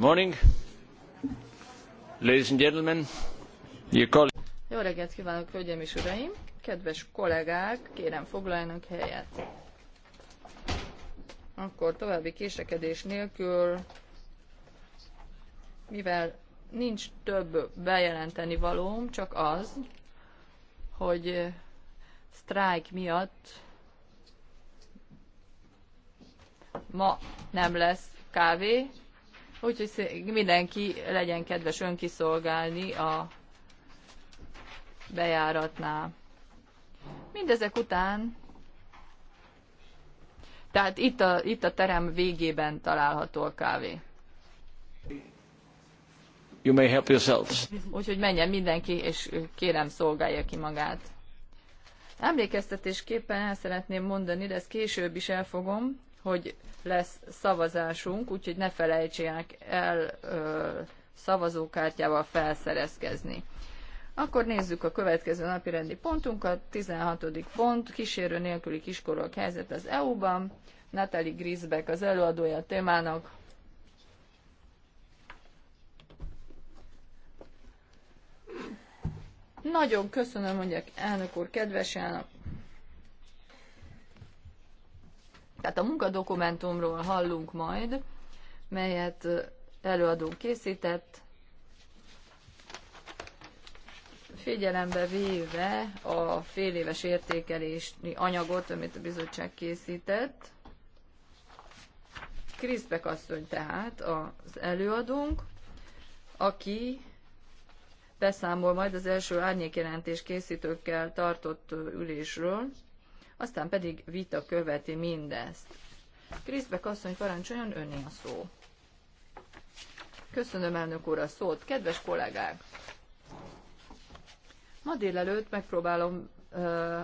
Jó reggelt kívánok, hölgyeim és uraim! Kedves kollégák, kérem foglaljanak helyet. Akkor további késekedés nélkül, mivel nincs több bejelenteni valóm, csak az, hogy sztrájk miatt ma nem lesz kávé, Úgyhogy mindenki legyen kedves önkiszolgálni a bejáratnál. Mindezek után, tehát itt a, itt a terem végében található a kávé. You may help yourselves. Úgyhogy menjen mindenki, és kérem szolgálja ki magát. Emlékeztetésképpen el szeretném mondani, de ezt később is elfogom, hogy lesz szavazásunk, úgyhogy ne felejtsenek el ö, szavazókártyával felszerezkezni. Akkor nézzük a következő napi rendi pontunkat. 16. pont, kísérő nélküli kiskorok helyzet az EU-ban. Natalie Grisbeck az előadója a témának. Nagyon köszönöm, mondják elnök úr, kedves elnök tehát a munkadokumentumról hallunk majd, melyet előadó készített, figyelembe véve a féléves értékelési anyagot, amit a bizottság készített. Kriszbek asszony tehát az előadónk, aki beszámol majd az első árnyékjelentés készítőkkel tartott ülésről, aztán pedig vita követi mindezt. Kriszbek asszony parancsoljon önné a szó. Köszönöm elnök úr a szót, kedves kollégák! Ma délelőtt megpróbálom ö,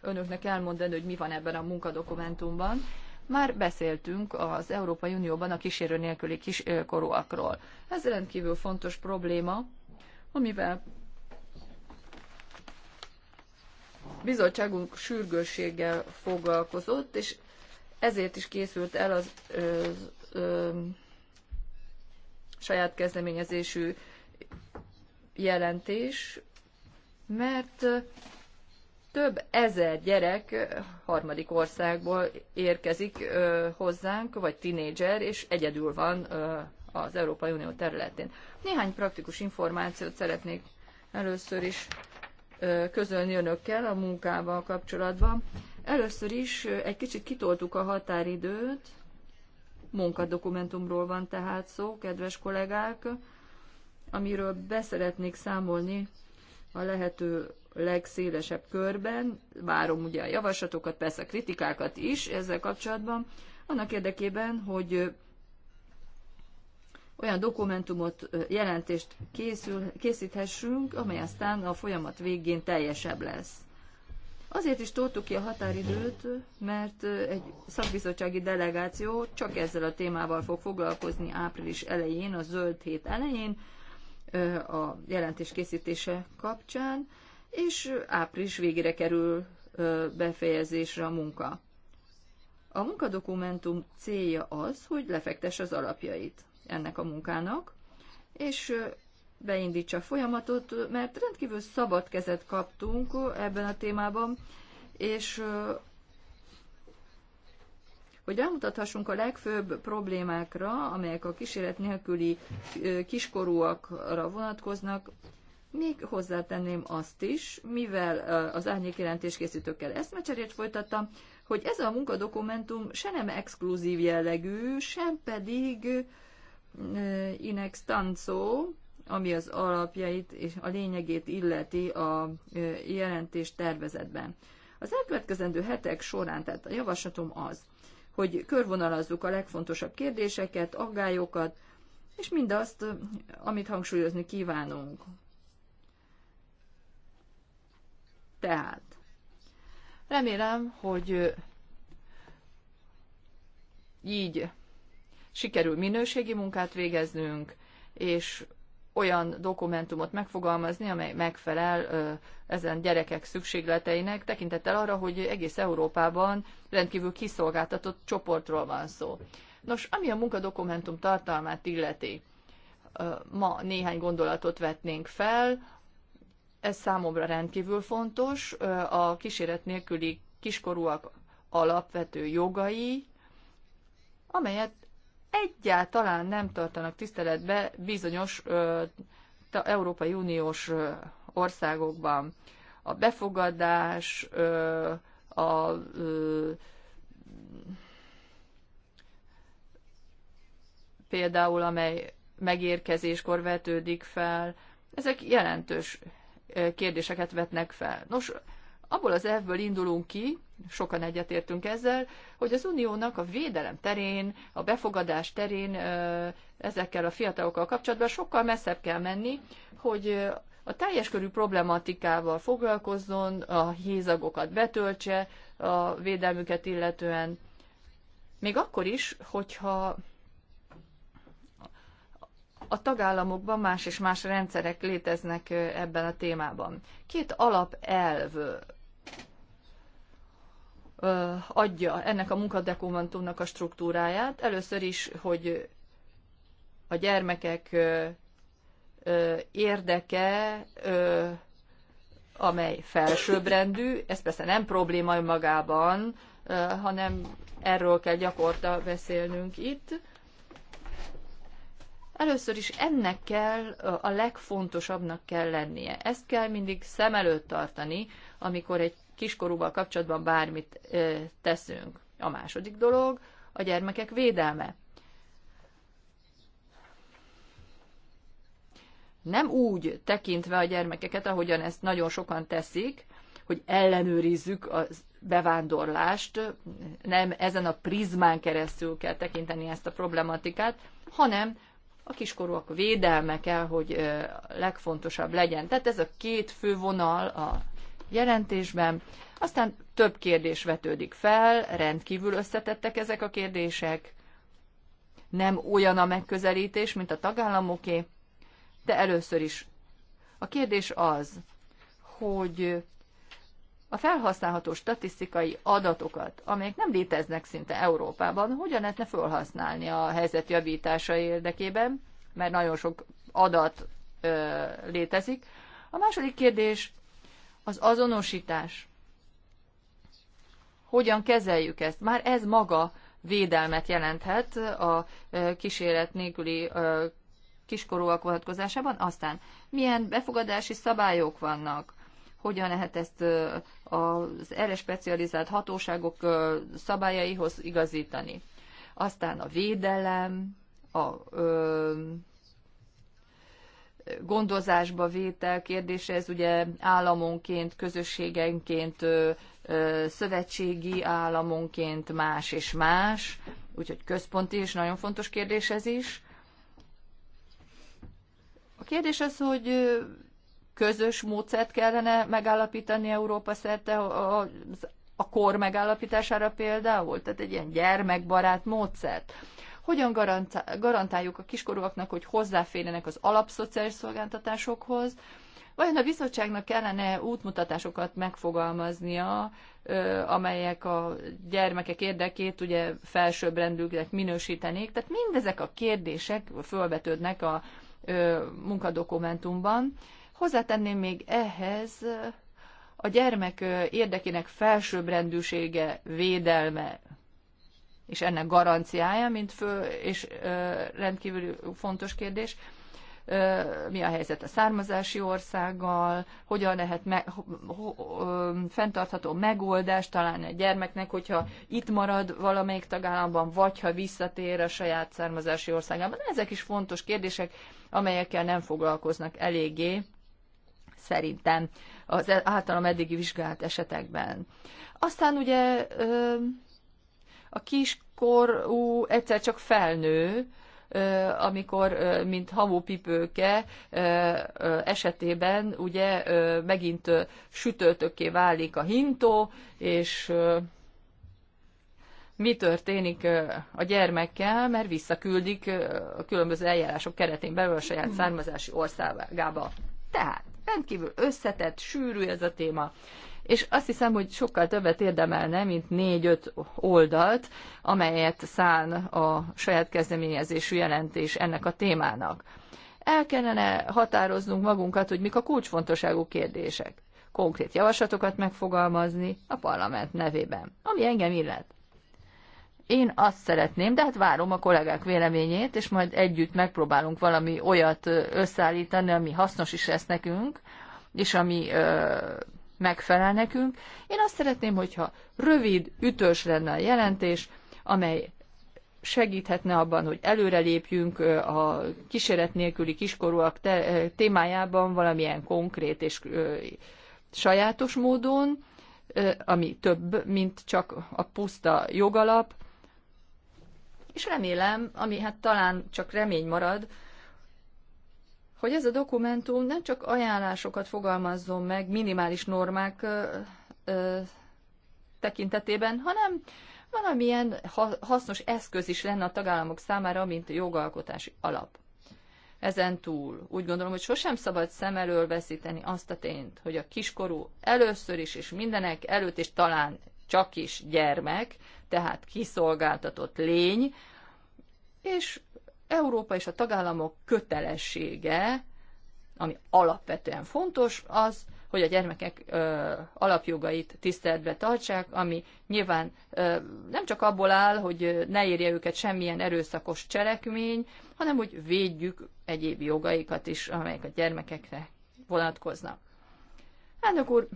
önöknek elmondani, hogy mi van ebben a munkadokumentumban. Már beszéltünk az Európai Unióban a kísérő nélküli kiskorúakról. Ez rendkívül fontos probléma, amivel bizottságunk sürgősséggel foglalkozott, és ezért is készült el az ö, ö, saját kezdeményezésű jelentés, mert több ezer gyerek harmadik országból érkezik ö, hozzánk, vagy tinédzser, és egyedül van ö, az Európai Unió területén. Néhány praktikus információt szeretnék először is közölni önökkel a munkával kapcsolatban. Először is egy kicsit kitoltuk a határidőt, munkadokumentumról van tehát szó, kedves kollégák, amiről beszeretnék számolni a lehető legszélesebb körben. Várom ugye a javaslatokat, persze a kritikákat is ezzel kapcsolatban, annak érdekében, hogy olyan dokumentumot, jelentést készül, készíthessünk, amely aztán a folyamat végén teljesebb lesz. Azért is toltuk ki a határidőt, mert egy szakbizottsági delegáció csak ezzel a témával fog foglalkozni április elején, a zöld hét elején, a jelentés készítése kapcsán, és április végére kerül befejezésre a munka. A munkadokumentum célja az, hogy lefektes az alapjait ennek a munkának, és beindítsa a folyamatot, mert rendkívül szabad kezet kaptunk ebben a témában, és hogy elmutathassunk a legfőbb problémákra, amelyek a kísérlet nélküli kiskorúakra vonatkoznak, még hozzátenném azt is, mivel az árnyékjelentés készítőkkel eszmecserét folytattam, hogy ez a munkadokumentum se nem exkluzív jellegű, sem pedig Inex ami az alapjait és a lényegét illeti a jelentés tervezetben. Az elkövetkezendő hetek során, tehát a javaslatom az, hogy körvonalazzuk a legfontosabb kérdéseket, aggályokat, és mindazt, amit hangsúlyozni kívánunk. Tehát, remélem, hogy így sikerül minőségi munkát végeznünk, és olyan dokumentumot megfogalmazni, amely megfelel ö, ezen gyerekek szükségleteinek, tekintettel arra, hogy egész Európában rendkívül kiszolgáltatott csoportról van szó. Nos, ami a munkadokumentum tartalmát illeti, ö, ma néhány gondolatot vetnénk fel, ez számomra rendkívül fontos, ö, a kíséret nélküli kiskorúak alapvető jogai, amelyet egyáltalán nem tartanak tiszteletbe bizonyos ö, ta, Európai Uniós ö, országokban. A befogadás, ö, a ö, például, amely megérkezéskor vetődik fel, ezek jelentős kérdéseket vetnek fel. Nos, abból az elvből indulunk ki, sokan egyetértünk ezzel, hogy az uniónak a védelem terén, a befogadás terén ezekkel a fiatalokkal kapcsolatban sokkal messzebb kell menni, hogy a teljes körű problematikával foglalkozzon, a hézagokat betöltse a védelmüket illetően, még akkor is, hogyha a tagállamokban más és más rendszerek léteznek ebben a témában. Két alapelv adja ennek a munkadekumentumnak a struktúráját. Először is, hogy a gyermekek érdeke, amely felsőbbrendű, ez persze nem probléma önmagában, hanem erről kell gyakorta beszélnünk itt. Először is ennek kell, a legfontosabbnak kell lennie. Ezt kell mindig szem előtt tartani, amikor egy kiskorúval kapcsolatban bármit teszünk. A második dolog a gyermekek védelme. Nem úgy tekintve a gyermekeket, ahogyan ezt nagyon sokan teszik, hogy ellenőrizzük a bevándorlást, nem ezen a prizmán keresztül kell tekinteni ezt a problematikát, hanem a kiskorúak védelme kell, hogy legfontosabb legyen. Tehát ez a két fő vonal a jelentésben. Aztán több kérdés vetődik fel, rendkívül összetettek ezek a kérdések. Nem olyan a megközelítés, mint a tagállamoké, de először is. A kérdés az, hogy a felhasználható statisztikai adatokat, amelyek nem léteznek szinte Európában, hogyan lehetne felhasználni a helyzet javítása érdekében, mert nagyon sok adat ö, létezik. A második kérdés az azonosítás. Hogyan kezeljük ezt? Már ez maga védelmet jelenthet a kísérlet nélküli kiskorúak vonatkozásában. Aztán milyen befogadási szabályok vannak? Hogyan lehet ezt az erre specializált hatóságok szabályaihoz igazítani? Aztán a védelem, a gondozásba vétel kérdése, ez ugye államonként, közösségenként, szövetségi államonként más és más, úgyhogy központi és nagyon fontos kérdés ez is. A kérdés az, hogy közös módszert kellene megállapítani Európa szerte a, a kor megállapítására például, tehát egy ilyen gyermekbarát módszert hogyan garantáljuk a kiskorúaknak, hogy hozzáférjenek az alapszociális szolgáltatásokhoz, Vajon a bizottságnak kellene útmutatásokat megfogalmaznia, amelyek a gyermekek érdekét ugye felsőbbrendűknek minősítenék? Tehát mindezek a kérdések fölvetődnek a munkadokumentumban. Hozzátenném még ehhez a gyermek érdekének felsőbbrendűsége védelme és ennek garanciája, mint fő és rendkívül fontos kérdés, mi a helyzet a származási országgal, hogyan lehet me- fenntartható megoldást találni a gyermeknek, hogyha itt marad valamelyik tagállamban, vagy ha visszatér a saját származási országában. Ezek is fontos kérdések, amelyekkel nem foglalkoznak eléggé, szerintem az e-, általam eddigi vizsgált esetekben. Aztán ugye a kiskorú egyszer csak felnő, amikor, mint hamupipőke esetében ugye megint sütőtökké válik a hintó, és mi történik a gyermekkel, mert visszaküldik a különböző eljárások keretén belül a saját származási országába. Tehát rendkívül összetett, sűrű ez a téma, és azt hiszem, hogy sokkal többet érdemelne, mint négy-öt oldalt, amelyet szán a saját kezdeményezésű jelentés ennek a témának. El kellene határoznunk magunkat, hogy mik a kulcsfontosságú kérdések. Konkrét javaslatokat megfogalmazni a parlament nevében, ami engem illet. Én azt szeretném, de hát várom a kollégák véleményét, és majd együtt megpróbálunk valami olyat összeállítani, ami hasznos is lesz nekünk, és ami ö, megfelel nekünk. Én azt szeretném, hogyha rövid, ütős lenne a jelentés, amely segíthetne abban, hogy előrelépjünk a kíséret nélküli kiskorúak témájában valamilyen konkrét és sajátos módon, ami több, mint csak a puszta jogalap, és remélem, ami hát talán csak remény marad, hogy ez a dokumentum nem csak ajánlásokat fogalmazzon meg minimális normák tekintetében, hanem valamilyen hasznos eszköz is lenne a tagállamok számára, mint jogalkotási alap. Ezen túl úgy gondolom, hogy sosem szabad szem elől veszíteni azt a tényt, hogy a kiskorú először is és mindenek előtt és talán csak is gyermek, tehát kiszolgáltatott lény, és Európa és a tagállamok kötelessége, ami alapvetően fontos, az, hogy a gyermekek ö, alapjogait tiszteletbe tartsák, ami nyilván ö, nem csak abból áll, hogy ne érje őket semmilyen erőszakos cselekmény, hanem hogy védjük egyéb jogaikat is, amelyek a gyermekekre vonatkoznak. Elnök úr,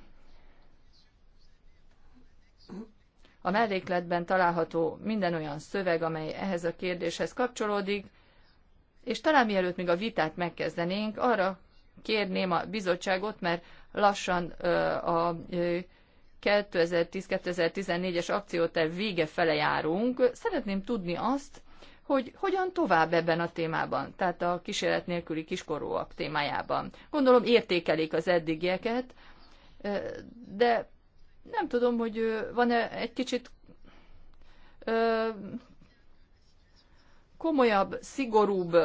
a mellékletben található minden olyan szöveg, amely ehhez a kérdéshez kapcsolódik, és talán mielőtt még a vitát megkezdenénk, arra kérném a bizottságot, mert lassan a 2010-2014-es akcióter vége fele járunk. Szeretném tudni azt, hogy hogyan tovább ebben a témában, tehát a kísérlet nélküli kiskorúak témájában. Gondolom értékelik az eddigieket, de nem tudom, hogy van-e egy kicsit komolyabb, szigorúbb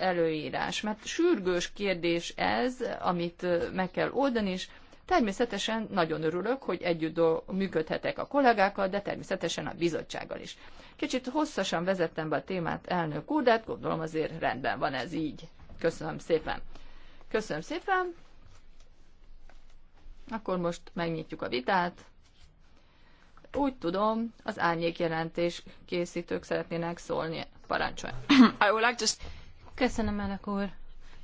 előírás, mert sürgős kérdés ez, amit meg kell oldani, és természetesen nagyon örülök, hogy együtt működhetek a kollégákkal, de természetesen a bizottsággal is. Kicsit hosszasan vezettem be a témát elnök úr, de hát gondolom azért rendben van ez így. Köszönöm szépen. Köszönöm szépen. Akkor most megnyitjuk a vitát. Úgy tudom, az árnyék jelentés készítők szeretnének szólni I would like to... Köszönöm, elnök úr.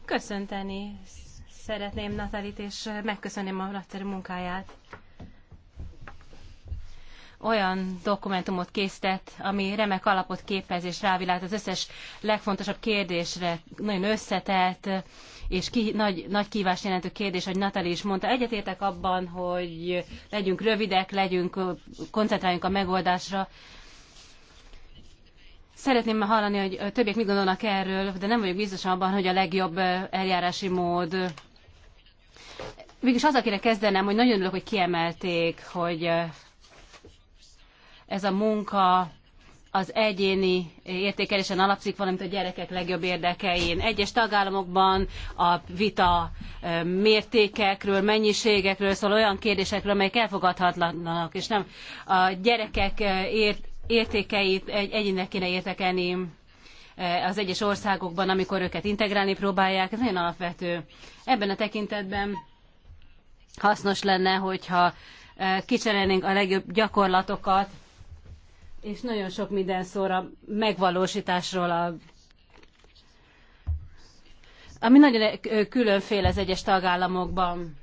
Köszönteni szeretném Natalit, és megköszönném a nagyszerű munkáját. Olyan dokumentumot készített, ami remek alapot képez és rávilágít az összes legfontosabb kérdésre, nagyon összetett és ki, nagy, nagy kívást jelentő kérdés, hogy Natali is mondta. Egyetértek abban, hogy legyünk rövidek, legyünk, koncentráljunk a megoldásra, Szeretném hallani, hogy többiek mit gondolnak erről, de nem vagyok biztos abban, hogy a legjobb eljárási mód. Végülis az, akire kezdenem, hogy nagyon örülök, hogy kiemelték, hogy ez a munka az egyéni értékelésen alapszik, valamint a gyerekek legjobb érdekein. Egyes tagállamokban a vita mértékekről, mennyiségekről szól olyan kérdésekről, amelyek elfogadhatatlanak, és nem a gyerekek ért, értékeit egy egyének kéne értekelni e, az egyes országokban, amikor őket integrálni próbálják. Ez nagyon alapvető. Ebben a tekintetben hasznos lenne, hogyha e, kicserélnénk a legjobb gyakorlatokat, és nagyon sok minden szóra megvalósításról a ami nagyon e, különféle az egyes tagállamokban.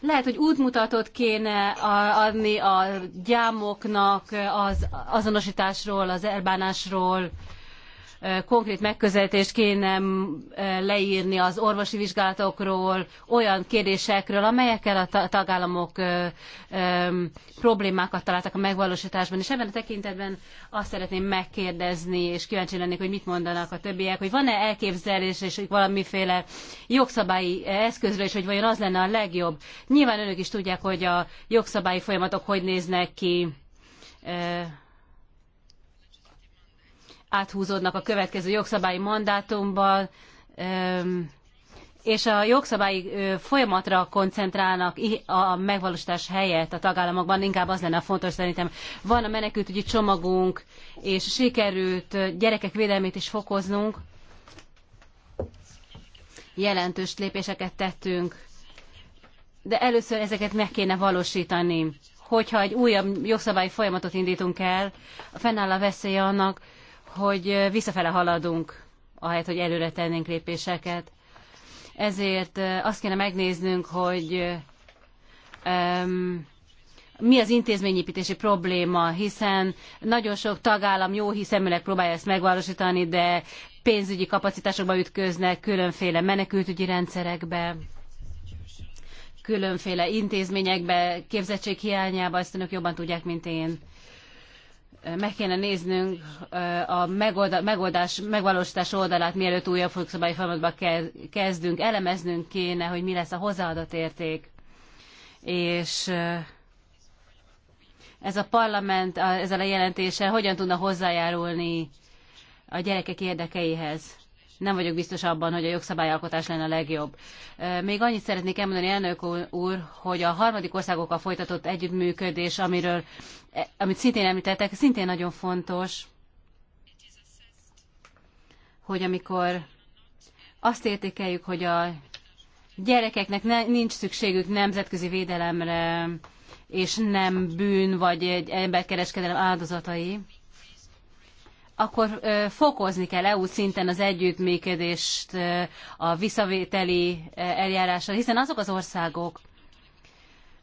Lehet, hogy útmutatót kéne adni a gyámoknak az azonosításról, az elbánásról, konkrét megközelítést kéne leírni az orvosi vizsgálatokról, olyan kérdésekről, amelyekkel a tagállamok problémákat találtak a megvalósításban. És ebben a tekintetben azt szeretném megkérdezni, és kíváncsi lennék, hogy mit mondanak a többiek, hogy van-e elképzelés és valamiféle jogszabályi eszközről is, hogy vajon az lenne a legjobb. Nyilván önök is tudják, hogy a jogszabályi folyamatok hogy néznek ki áthúzódnak a következő jogszabályi mandátumban, és a jogszabályi folyamatra koncentrálnak a megvalósítás helyett a tagállamokban, inkább az lenne a fontos szerintem. Van a menekültügyi csomagunk, és sikerült gyerekek védelmét is fokoznunk. Jelentős lépéseket tettünk, de először ezeket meg kéne valósítani. Hogyha egy újabb jogszabályi folyamatot indítunk el, fennáll a veszélye annak, hogy visszafele haladunk, ahelyett, hogy előre tennénk lépéseket. Ezért azt kéne megnéznünk, hogy um, mi az intézményépítési probléma, hiszen nagyon sok tagállam jó hiszeműleg próbálja ezt megvalósítani, de pénzügyi kapacitásokba ütköznek, különféle menekültügyi rendszerekbe, különféle intézményekbe, képzettség hiányába, ezt önök jobban tudják, mint én meg kéne néznünk a megoldás, megvalósítás oldalát, mielőtt újabb fogszabályi folyamatba kezdünk, elemeznünk kéne, hogy mi lesz a hozzáadott érték. És ez a parlament ezzel a jelentéssel hogyan tudna hozzájárulni a gyerekek érdekeihez nem vagyok biztos abban, hogy a jogszabályalkotás lenne a legjobb. Még annyit szeretnék elmondani, elnök úr, hogy a harmadik országokkal folytatott együttműködés, amiről, e, amit szintén említettek, szintén nagyon fontos, hogy amikor azt értékeljük, hogy a gyerekeknek ne, nincs szükségük nemzetközi védelemre, és nem bűn vagy egy emberkereskedelem áldozatai, akkor fokozni kell EU szinten az együttműködést a visszavételi eljárásra, hiszen azok az országok,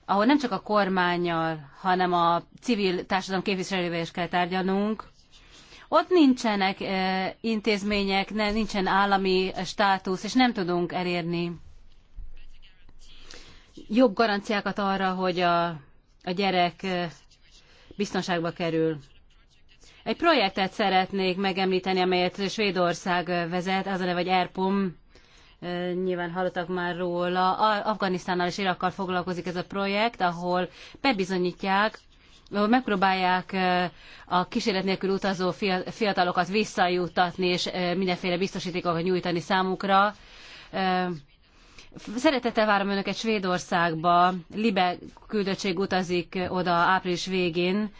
ahol nem csak a kormányjal, hanem a civil társadalom képviselővel is kell tárgyalnunk, ott nincsenek intézmények, nincsen állami státusz, és nem tudunk elérni jobb garanciákat arra, hogy a, a gyerek biztonságba kerül. Egy projektet szeretnék megemlíteni, amelyet Svédország vezet, az a neve, hogy ERPOM, nyilván hallottak már róla. Afganisztánnal és Irakkal foglalkozik ez a projekt, ahol bebizonyítják, megpróbálják a kísérlet nélkül utazó fiatalokat visszajutatni és mindenféle biztosítékokat nyújtani számukra Szeretettel várom Önöket Svédországba. Libe küldöttség utazik oda április végén,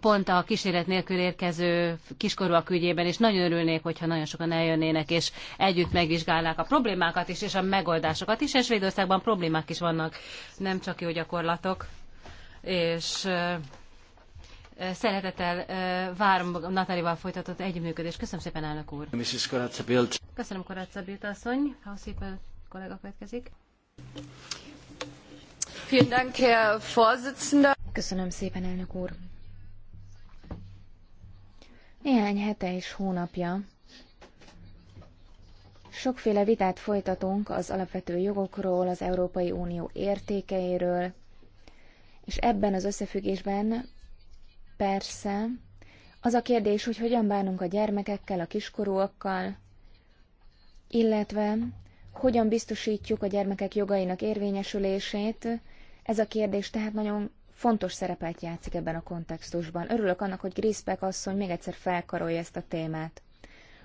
pont a kísérlet nélkül érkező kiskorúak ügyében, és nagyon örülnék, hogyha nagyon sokan eljönnének, és együtt megvizsgálnák a problémákat is, és a megoldásokat is, és Svédországban problémák is vannak, nem csak jó gyakorlatok. És szeretettel várom Natalival folytatott együttműködést. Köszönöm szépen, elnök úr! Mrs. Köszönöm, Karatza Bilt asszony! Ha szépen kollega következik. Köszönöm szépen, elnök úr. Néhány hete és hónapja sokféle vitát folytatunk az alapvető jogokról, az Európai Unió értékeiről, és ebben az összefüggésben persze az a kérdés, hogy hogyan bánunk a gyermekekkel, a kiskorúakkal, illetve hogyan biztosítjuk a gyermekek jogainak érvényesülését. Ez a kérdés tehát nagyon fontos szerepet játszik ebben a kontextusban. Örülök annak, hogy Griszpek asszony még egyszer felkarolja ezt a témát.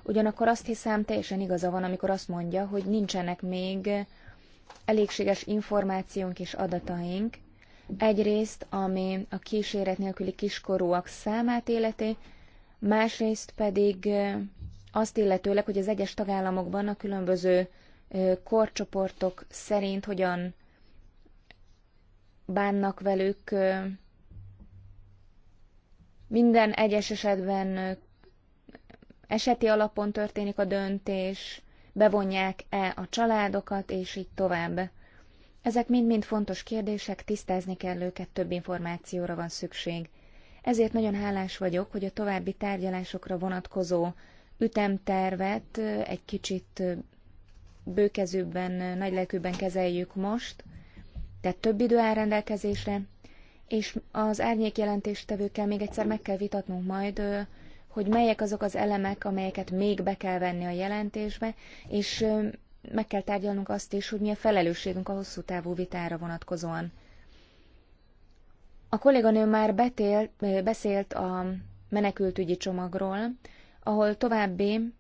Ugyanakkor azt hiszem, teljesen igaza van, amikor azt mondja, hogy nincsenek még elégséges információnk és adataink. Egyrészt, ami a kíséret nélküli kiskorúak számát életi, másrészt pedig azt illetőleg, hogy az egyes tagállamokban a különböző korcsoportok szerint hogyan bánnak velük. Minden egyes esetben eseti alapon történik a döntés, bevonják-e a családokat, és így tovább. Ezek mind-mind fontos kérdések, tisztázni kell őket, több információra van szükség. Ezért nagyon hálás vagyok, hogy a további tárgyalásokra vonatkozó ütemtervet egy kicsit bőkezőbben, nagylelkűbben kezeljük most, tehát több idő áll rendelkezésre, és az árnyék jelentéstevőkkel még egyszer meg kell vitatnunk majd, hogy melyek azok az elemek, amelyeket még be kell venni a jelentésbe, és meg kell tárgyalnunk azt is, hogy mi a felelősségünk a hosszú távú vitára vonatkozóan. A kolléganő már betél, beszélt a menekültügyi csomagról, ahol további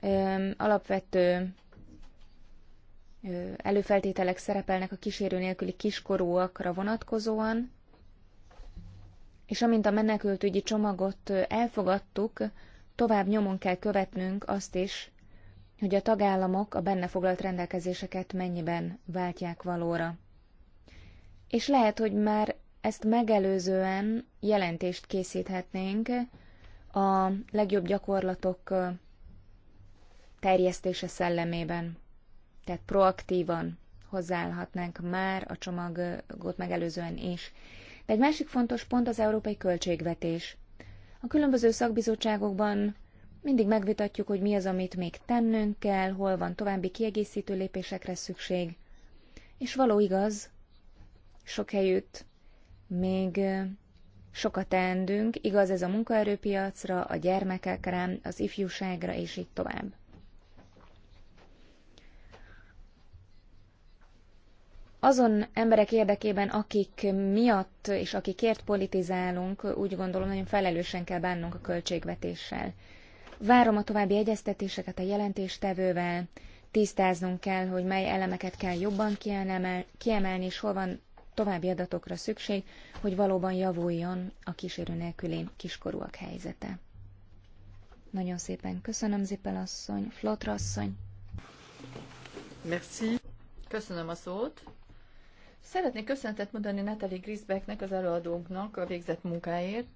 ö, alapvető előfeltételek szerepelnek a kísérő nélküli kiskorúakra vonatkozóan, és amint a menekültügyi csomagot elfogadtuk, tovább nyomon kell követnünk azt is, hogy a tagállamok a benne foglalt rendelkezéseket mennyiben váltják valóra. És lehet, hogy már ezt megelőzően jelentést készíthetnénk a legjobb gyakorlatok terjesztése szellemében. Tehát proaktívan hozzáállhatnánk már a csomagot megelőzően is. De egy másik fontos pont az európai költségvetés. A különböző szakbizottságokban mindig megvitatjuk, hogy mi az, amit még tennünk kell, hol van további kiegészítő lépésekre szükség. És való igaz, sok helyütt még sokat teendünk, igaz ez a munkaerőpiacra, a gyermekekre, az ifjúságra, és így tovább. azon emberek érdekében, akik miatt és akikért politizálunk, úgy gondolom, nagyon felelősen kell bánnunk a költségvetéssel. Várom a további egyeztetéseket a jelentéstevővel, tisztáznunk kell, hogy mely elemeket kell jobban kiemelni, és hol van további adatokra szükség, hogy valóban javuljon a kísérő nélküli kiskorúak helyzete. Nagyon szépen köszönöm, Zippel asszony, Flotra asszony. Merci. Köszönöm a szót. Szeretnék köszönetet mondani Natalie Grisbecknek, az előadónknak a végzett munkáért.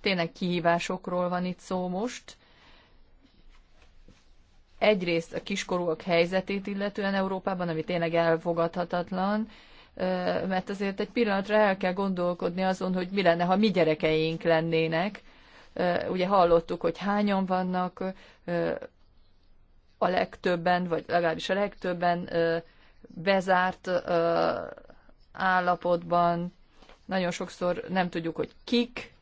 Tényleg kihívásokról van itt szó most. Egyrészt a kiskorúak helyzetét illetően Európában, ami tényleg elfogadhatatlan, mert azért egy pillanatra el kell gondolkodni azon, hogy mi lenne, ha mi gyerekeink lennének. Ugye hallottuk, hogy hányan vannak, a legtöbben, vagy legalábbis a legtöbben bezárt állapotban, nagyon sokszor nem tudjuk, hogy kik,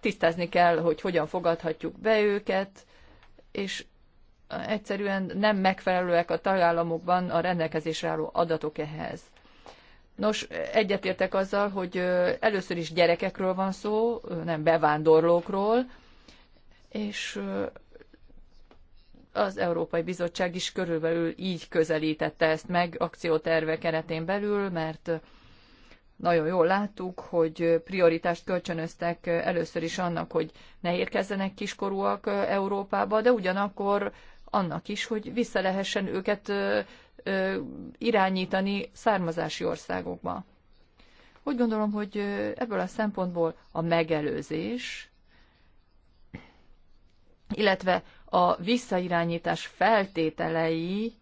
tisztázni kell, hogy hogyan fogadhatjuk be őket, és egyszerűen nem megfelelőek a tagállamokban a rendelkezésre álló adatok ehhez. Nos, egyetértek azzal, hogy először is gyerekekről van szó, nem bevándorlókról, és az Európai Bizottság is körülbelül így közelítette ezt meg akcióterve keretén belül, mert nagyon jól láttuk, hogy prioritást kölcsönöztek először is annak, hogy ne érkezzenek kiskorúak Európába, de ugyanakkor annak is, hogy vissza lehessen őket irányítani származási országokba. Úgy gondolom, hogy ebből a szempontból a megelőzés, illetve a visszairányítás feltételei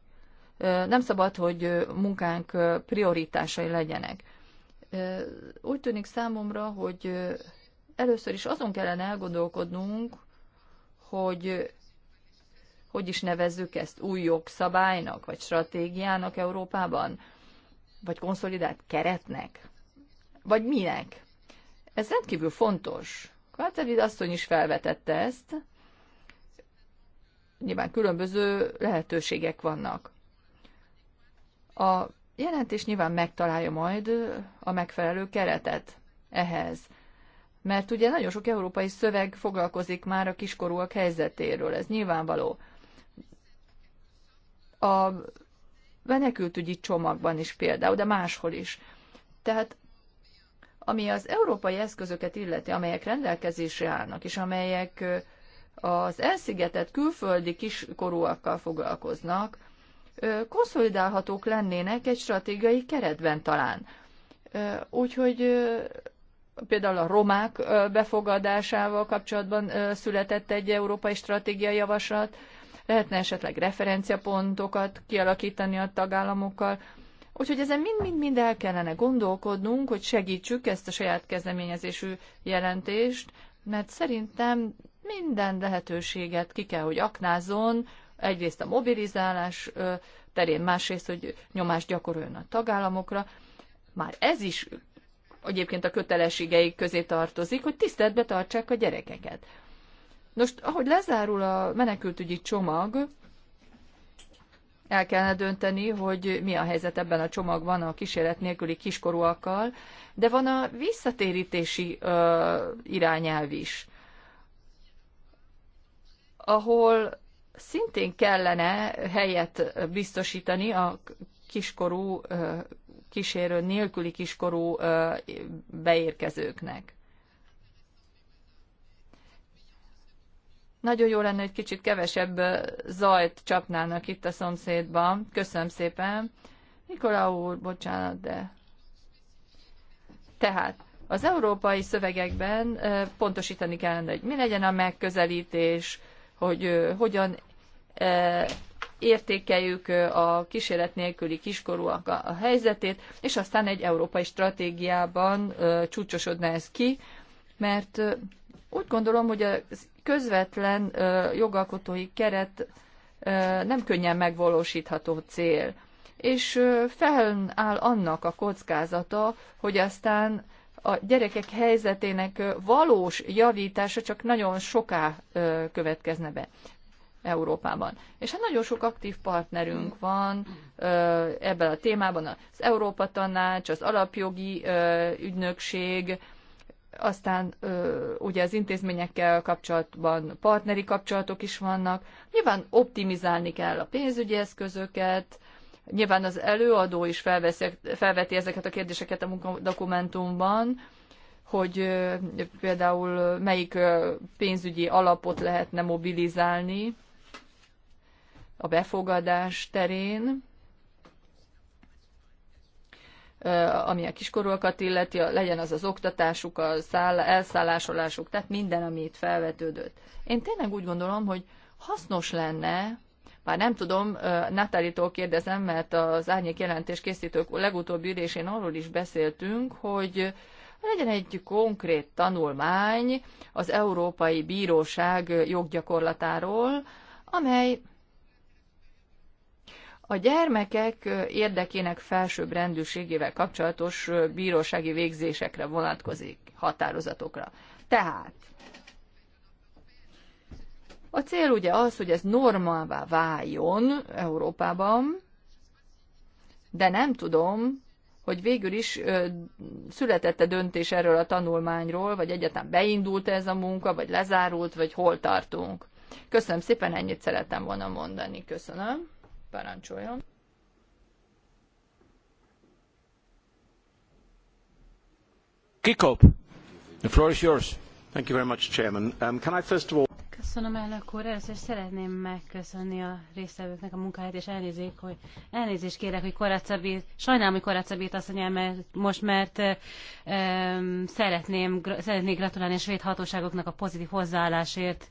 nem szabad, hogy munkánk prioritásai legyenek. Úgy tűnik számomra, hogy először is azon kellene elgondolkodnunk, hogy hogy is nevezzük ezt új jogszabálynak, vagy stratégiának Európában, vagy konszolidált keretnek, vagy minek. Ez rendkívül fontos. Kváltevid asszony is felvetette ezt, nyilván különböző lehetőségek vannak. A jelentés nyilván megtalálja majd a megfelelő keretet ehhez. Mert ugye nagyon sok európai szöveg foglalkozik már a kiskorúak helyzetéről, ez nyilvánvaló. A menekültügyi csomagban is például, de máshol is. Tehát ami az európai eszközöket illeti, amelyek rendelkezésre állnak, és amelyek az elszigetett külföldi kiskorúakkal foglalkoznak, konszolidálhatók lennének egy stratégiai keretben talán. Úgyhogy például a romák befogadásával kapcsolatban született egy európai stratégiai javaslat, lehetne esetleg referenciapontokat kialakítani a tagállamokkal, Úgyhogy ezen mind-mind-mind el kellene gondolkodnunk, hogy segítsük ezt a saját kezdeményezésű jelentést, mert szerintem minden lehetőséget ki kell, hogy aknázon egyrészt a mobilizálás terén, másrészt, hogy nyomást gyakoroljon a tagállamokra. Már ez is egyébként a kötelességeik közé tartozik, hogy tiszteletbe tartsák a gyerekeket. Nos, ahogy lezárul a menekültügyi csomag, el kellene dönteni, hogy mi a helyzet ebben a csomagban a kísérlet nélküli kiskorúakkal, de van a visszatérítési uh, irányelv is ahol szintén kellene helyet biztosítani a kiskorú, kísérő nélküli kiskorú beérkezőknek. Nagyon jó lenne, hogy kicsit kevesebb zajt csapnának itt a szomszédban. Köszönöm szépen. Nikola úr, bocsánat, de... Tehát, az európai szövegekben pontosítani kellene, hogy mi legyen a megközelítés, hogy hogyan értékeljük a kísérlet nélküli kiskorúak a helyzetét, és aztán egy európai stratégiában csúcsosodna ez ki, mert úgy gondolom, hogy a közvetlen jogalkotói keret nem könnyen megvalósítható cél. És felnáll annak a kockázata, hogy aztán a gyerekek helyzetének valós javítása csak nagyon soká következne be. Európában. És hát nagyon sok aktív partnerünk van ebben a témában, az Európa Tanács, az Alapjogi Ügynökség, aztán ugye az intézményekkel kapcsolatban partneri kapcsolatok is vannak. Nyilván optimizálni kell a pénzügyi eszközöket, Nyilván az előadó is felveszi, felveti ezeket a kérdéseket a munkadokumentumban, hogy például melyik pénzügyi alapot lehetne mobilizálni a befogadás terén, ami a kiskorúakat illeti, legyen az az oktatásuk, a száll, elszállásolásuk, tehát minden, ami itt felvetődött. Én tényleg úgy gondolom, hogy hasznos lenne ha nem tudom, Natalitól kérdezem, mert az árnyék jelentés készítők legutóbbi ülésén arról is beszéltünk, hogy legyen egy konkrét tanulmány az Európai Bíróság joggyakorlatáról, amely a gyermekek érdekének felsőbb rendűségével kapcsolatos bírósági végzésekre vonatkozik, határozatokra. Tehát a cél ugye az, hogy ez normálvá váljon Európában, de nem tudom, hogy végül is születette döntés erről a tanulmányról, vagy egyáltalán beindult ez a munka, vagy lezárult, vagy hol tartunk. Köszönöm szépen, ennyit szerettem volna mondani. Köszönöm. Parancsoljon. Kikop, the floor is yours. Thank you very much, Chairman. Um, can I first of all... Köszönöm, elnök úr. Először szeretném megköszönni a résztvevőknek a munkáját, és elnézést, hogy, elnézést kérek, hogy Koracabi, sajnálom, hogy Koracabi azt mondja, mert most, mert um, szeretném, szeretnék gratulálni a svéd hatóságoknak a pozitív hozzáállásért,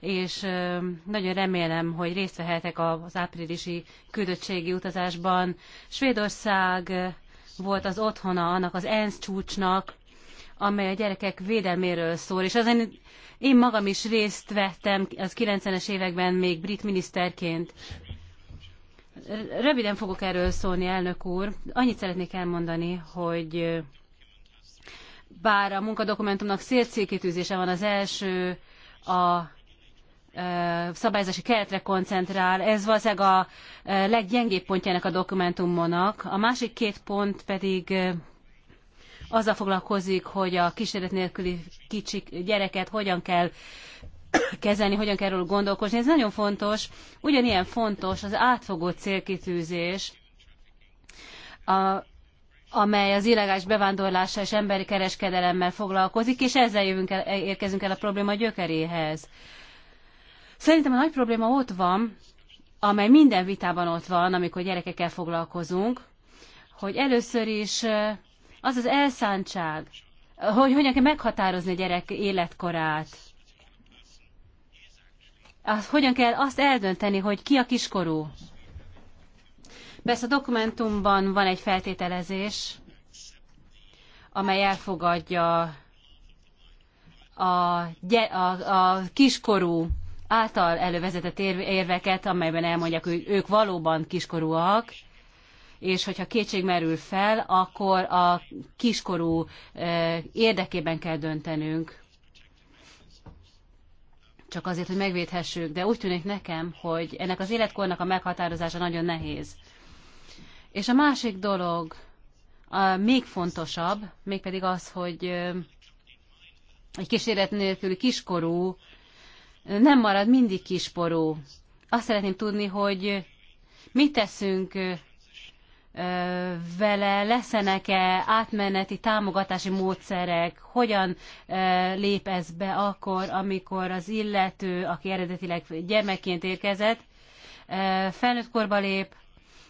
és um, nagyon remélem, hogy részt vehetek az áprilisi küldöttségi utazásban. Svédország volt az otthona annak az ENSZ csúcsnak, amely a gyerekek védelméről szól, és azon én magam is részt vettem az 90-es években még brit miniszterként. Röviden fogok erről szólni, elnök úr. Annyit szeretnék elmondani, hogy bár a munkadokumentumnak szélcélkitűzése van az első, a e, szabályozási keretre koncentrál. Ez valószínűleg a e, leggyengébb pontjának a dokumentumonak. A másik két pont pedig e, azzal foglalkozik, hogy a kísérlet nélküli kicsik gyereket hogyan kell kezelni, hogyan kell róla gondolkozni. Ez nagyon fontos, ugyanilyen fontos az átfogó célkitűzés, a, amely az illegális bevándorlással és emberi kereskedelemmel foglalkozik, és ezzel jövünk el, érkezünk el a probléma gyökeréhez. Szerintem a nagy probléma ott van, amely minden vitában ott van, amikor gyerekekkel foglalkozunk, hogy először is az az elszántság, hogy hogyan kell meghatározni a gyerek életkorát, az, hogyan kell azt eldönteni, hogy ki a kiskorú. Persze a dokumentumban van egy feltételezés, amely elfogadja a, a, a kiskorú által elővezetett érveket, amelyben elmondják, hogy ők valóban kiskorúak, és hogyha kétség merül fel, akkor a kiskorú érdekében kell döntenünk, csak azért, hogy megvédhessük, de úgy tűnik nekem, hogy ennek az életkornak a meghatározása nagyon nehéz. És a másik dolog, a még fontosabb, mégpedig az, hogy egy kísérlet nélkül kiskorú nem marad mindig kiskorú. Azt szeretném tudni, hogy mit teszünk vele leszenek-e átmeneti támogatási módszerek, hogyan lép ez be akkor, amikor az illető, aki eredetileg gyermekként érkezett, felnőtt korba lép,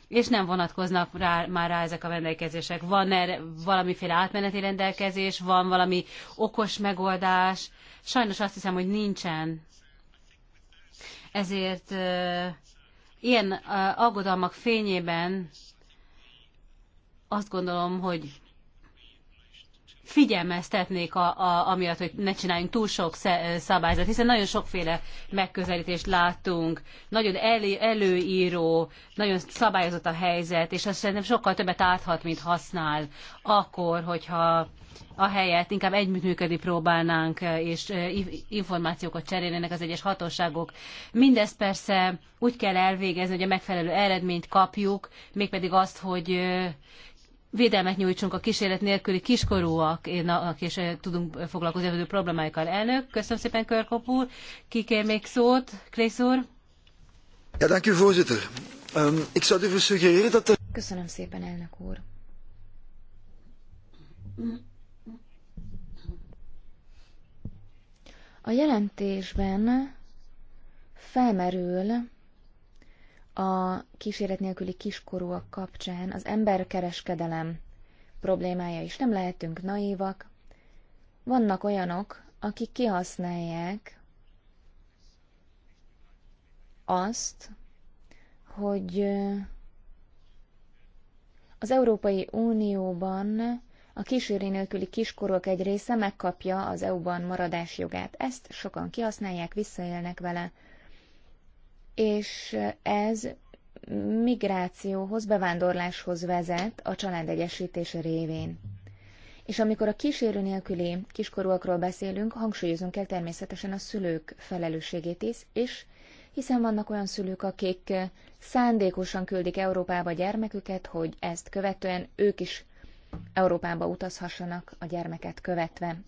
és nem vonatkoznak rá, már rá ezek a rendelkezések. Van erre valamiféle átmeneti rendelkezés, van valami okos megoldás. Sajnos azt hiszem, hogy nincsen. Ezért ilyen aggodalmak fényében azt gondolom, hogy figyelmeztetnék a, a, amiatt, hogy ne csináljunk túl sok szabályzat, hiszen nagyon sokféle megközelítést láttunk, nagyon el, előíró, nagyon szabályozott a helyzet, és azt szerintem sokkal többet árthat, mint használ, akkor, hogyha a helyet inkább együttműködni próbálnánk, és információkat cserélnének az egyes hatóságok. Mindez persze úgy kell elvégezni, hogy a megfelelő eredményt kapjuk, mégpedig azt, hogy védelmet nyújtsunk a kísérlet nélküli kiskorúak és tudunk foglalkozni a problémáikkal. Elnök, köszönöm szépen, Körkop úr. Ki kér még szót? Klész úr? Ja, dank u, voorzitter. Um, ik zou suggereren dat er... Köszönöm szépen, elnök úr. A jelentésben felmerül a kíséret nélküli kiskorúak kapcsán az emberkereskedelem problémája is. Nem lehetünk naívak. Vannak olyanok, akik kihasználják azt, hogy az Európai Unióban a kísérő nélküli kiskorúak egy része megkapja az EU-ban maradás jogát. Ezt sokan kihasználják, visszaélnek vele és ez migrációhoz, bevándorláshoz vezet a családegyesítés révén. És amikor a kísérő nélküli kiskorúakról beszélünk, hangsúlyozunk kell természetesen a szülők felelősségét is, és hiszen vannak olyan szülők, akik szándékosan küldik Európába gyermeküket, hogy ezt követően ők is Európába utazhassanak a gyermeket követve,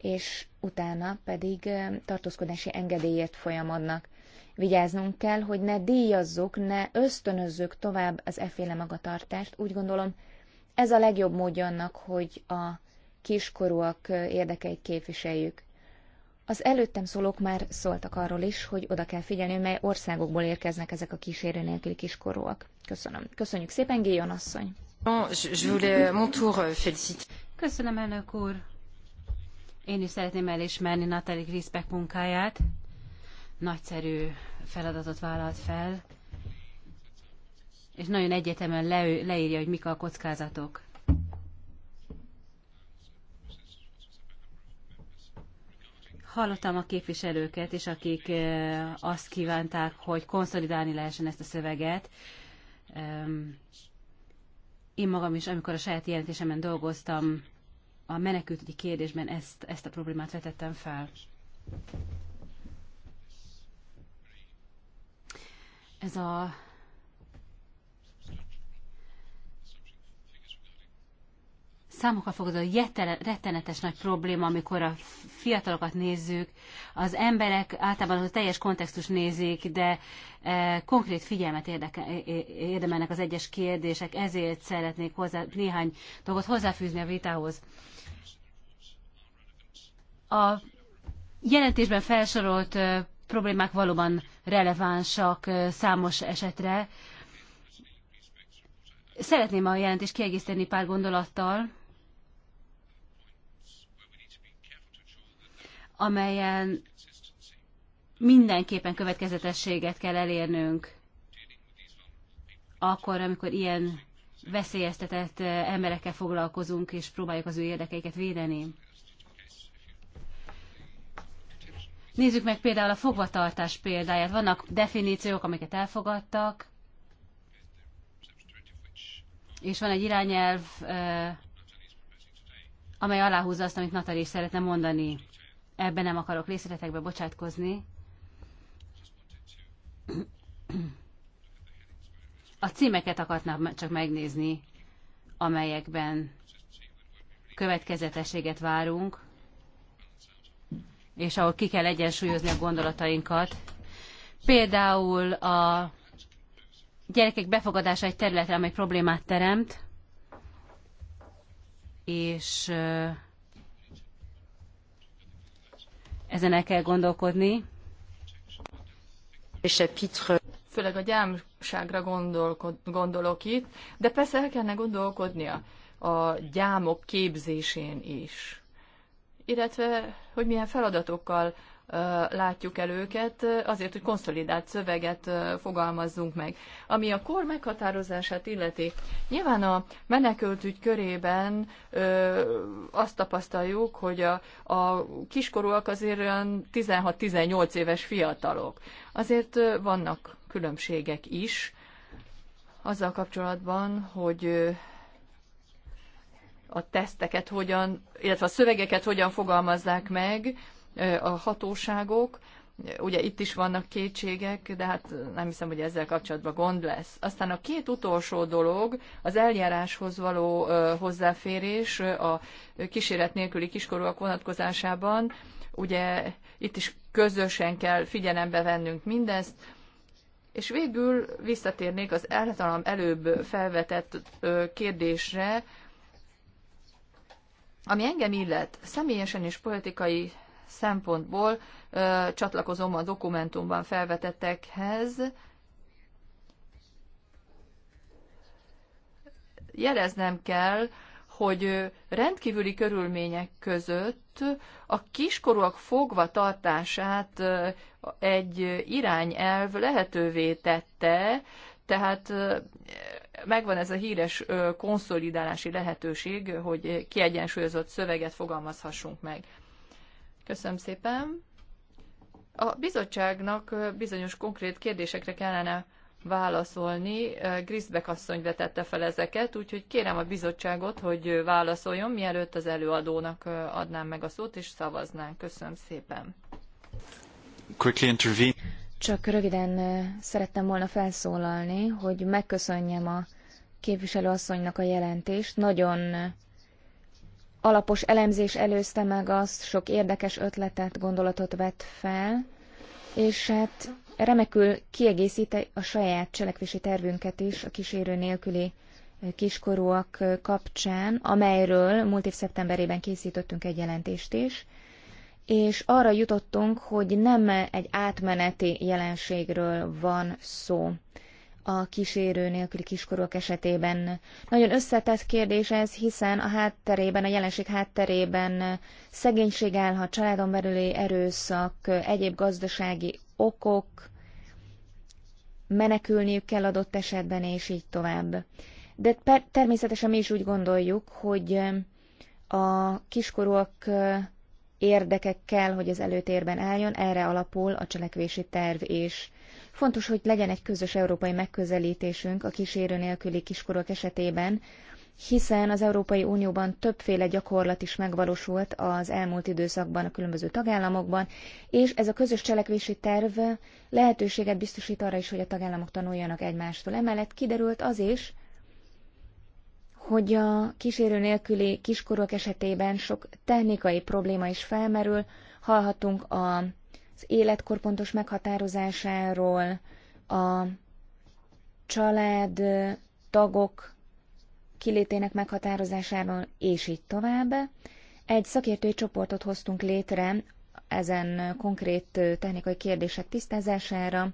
és utána pedig tartózkodási engedélyért folyamodnak. Vigyáznunk kell, hogy ne díjazzuk, ne ösztönözzük tovább az eféle magatartást. Úgy gondolom, ez a legjobb módja annak, hogy a kiskorúak érdekeit képviseljük. Az előttem szólók már szóltak arról is, hogy oda kell figyelni, mely országokból érkeznek ezek a kísérő nélküli kiskorúak. Köszönöm. Köszönjük szépen, Géjon asszony! Köszönöm, elnök úr! Én is szeretném elismerni Natalie Griszbeck munkáját, nagyszerű feladatot vállalt fel, és nagyon egyetemen le, leírja, hogy mik a kockázatok. Hallottam a képviselőket, és akik eh, azt kívánták, hogy konszolidálni lehessen ezt a szöveget. Én magam is, amikor a saját jelentésemen dolgoztam, a menekültügyi kérdésben ezt, ezt a problémát vetettem fel. Ez a számokkal fogadó rettenetes nagy probléma, amikor a fiatalokat nézzük, az emberek általában a teljes kontextus nézik, de e, konkrét figyelmet érdeke, érdemelnek az egyes kérdések, ezért szeretnék hozzá, néhány dolgot hozzáfűzni a vitához. A jelentésben felsorolt e, problémák valóban relevánsak számos esetre. Szeretném a jelentést kiegészíteni pár gondolattal, amelyen mindenképpen következetességet kell elérnünk akkor, amikor ilyen veszélyeztetett emberekkel foglalkozunk, és próbáljuk az ő érdekeiket védeni. Nézzük meg például a fogvatartás példáját. Vannak definíciók, amiket elfogadtak, és van egy irányelv, amely aláhúzza azt, amit Natali is szeretne mondani. Ebben nem akarok részletekbe bocsátkozni. A címeket akartam csak megnézni, amelyekben következetességet várunk és ahol ki kell egyensúlyozni a gondolatainkat. Például a gyerekek befogadása egy területre, amely problémát teremt, és ezen el kell gondolkodni. Főleg a gyámságra gondolok itt, de persze el kellene gondolkodnia a gyámok képzésén is illetve hogy milyen feladatokkal látjuk el őket, azért, hogy konszolidált szöveget fogalmazzunk meg. Ami a kor meghatározását illeti, nyilván a menekültügy körében azt tapasztaljuk, hogy a, a kiskorúak azért olyan 16-18 éves fiatalok. Azért vannak különbségek is azzal kapcsolatban, hogy a teszteket hogyan, illetve a szövegeket hogyan fogalmazzák meg a hatóságok. Ugye itt is vannak kétségek, de hát nem hiszem, hogy ezzel kapcsolatban gond lesz. Aztán a két utolsó dolog, az eljáráshoz való hozzáférés a kíséret nélküli kiskorúak vonatkozásában. Ugye itt is közösen kell figyelembe vennünk mindezt, és végül visszatérnék az általam előbb felvetett kérdésre, ami engem illet, személyesen és politikai szempontból ö, csatlakozom a dokumentumban felvetettekhez, jeleznem kell, hogy rendkívüli körülmények között a kiskorúak fogva tartását egy irányelv lehetővé tette, tehát megvan ez a híres konszolidálási lehetőség, hogy kiegyensúlyozott szöveget fogalmazhassunk meg. Köszönöm szépen. A bizottságnak bizonyos konkrét kérdésekre kellene válaszolni. Griszbek asszony vetette fel ezeket, úgyhogy kérem a bizottságot, hogy válaszoljon, mielőtt az előadónak adnám meg a szót, és szavaznánk. Köszönöm szépen. Quickly intervene. Csak röviden szerettem volna felszólalni, hogy megköszönjem a képviselőasszonynak a jelentést. Nagyon alapos elemzés előzte meg azt, sok érdekes ötletet, gondolatot vett fel, és hát remekül kiegészíti a saját cselekvési tervünket is a kísérő nélküli kiskorúak kapcsán, amelyről múlt év szeptemberében készítettünk egy jelentést is és arra jutottunk, hogy nem egy átmeneti jelenségről van szó a kísérő nélküli kiskorúak esetében. Nagyon összetett kérdés ez, hiszen a hátterében, a jelenség hátterében szegénység állhat, családon belüli erőszak, egyéb gazdasági okok, menekülniük kell adott esetben, és így tovább. De per- természetesen mi is úgy gondoljuk, hogy a kiskorúak Érdekekkel, hogy az előtérben álljon, erre alapul a cselekvési terv is. Fontos, hogy legyen egy közös európai megközelítésünk a kísérő nélküli kiskorok esetében, hiszen az Európai Unióban többféle gyakorlat is megvalósult az elmúlt időszakban a különböző tagállamokban, és ez a közös cselekvési terv lehetőséget biztosít arra is, hogy a tagállamok tanuljanak egymástól. Emellett kiderült az is, hogy a kísérő nélküli kiskorúak esetében sok technikai probléma is felmerül. Hallhatunk az életkorpontos meghatározásáról, a család tagok kilétének meghatározásáról, és így tovább. Egy szakértői csoportot hoztunk létre ezen konkrét technikai kérdések tisztázására,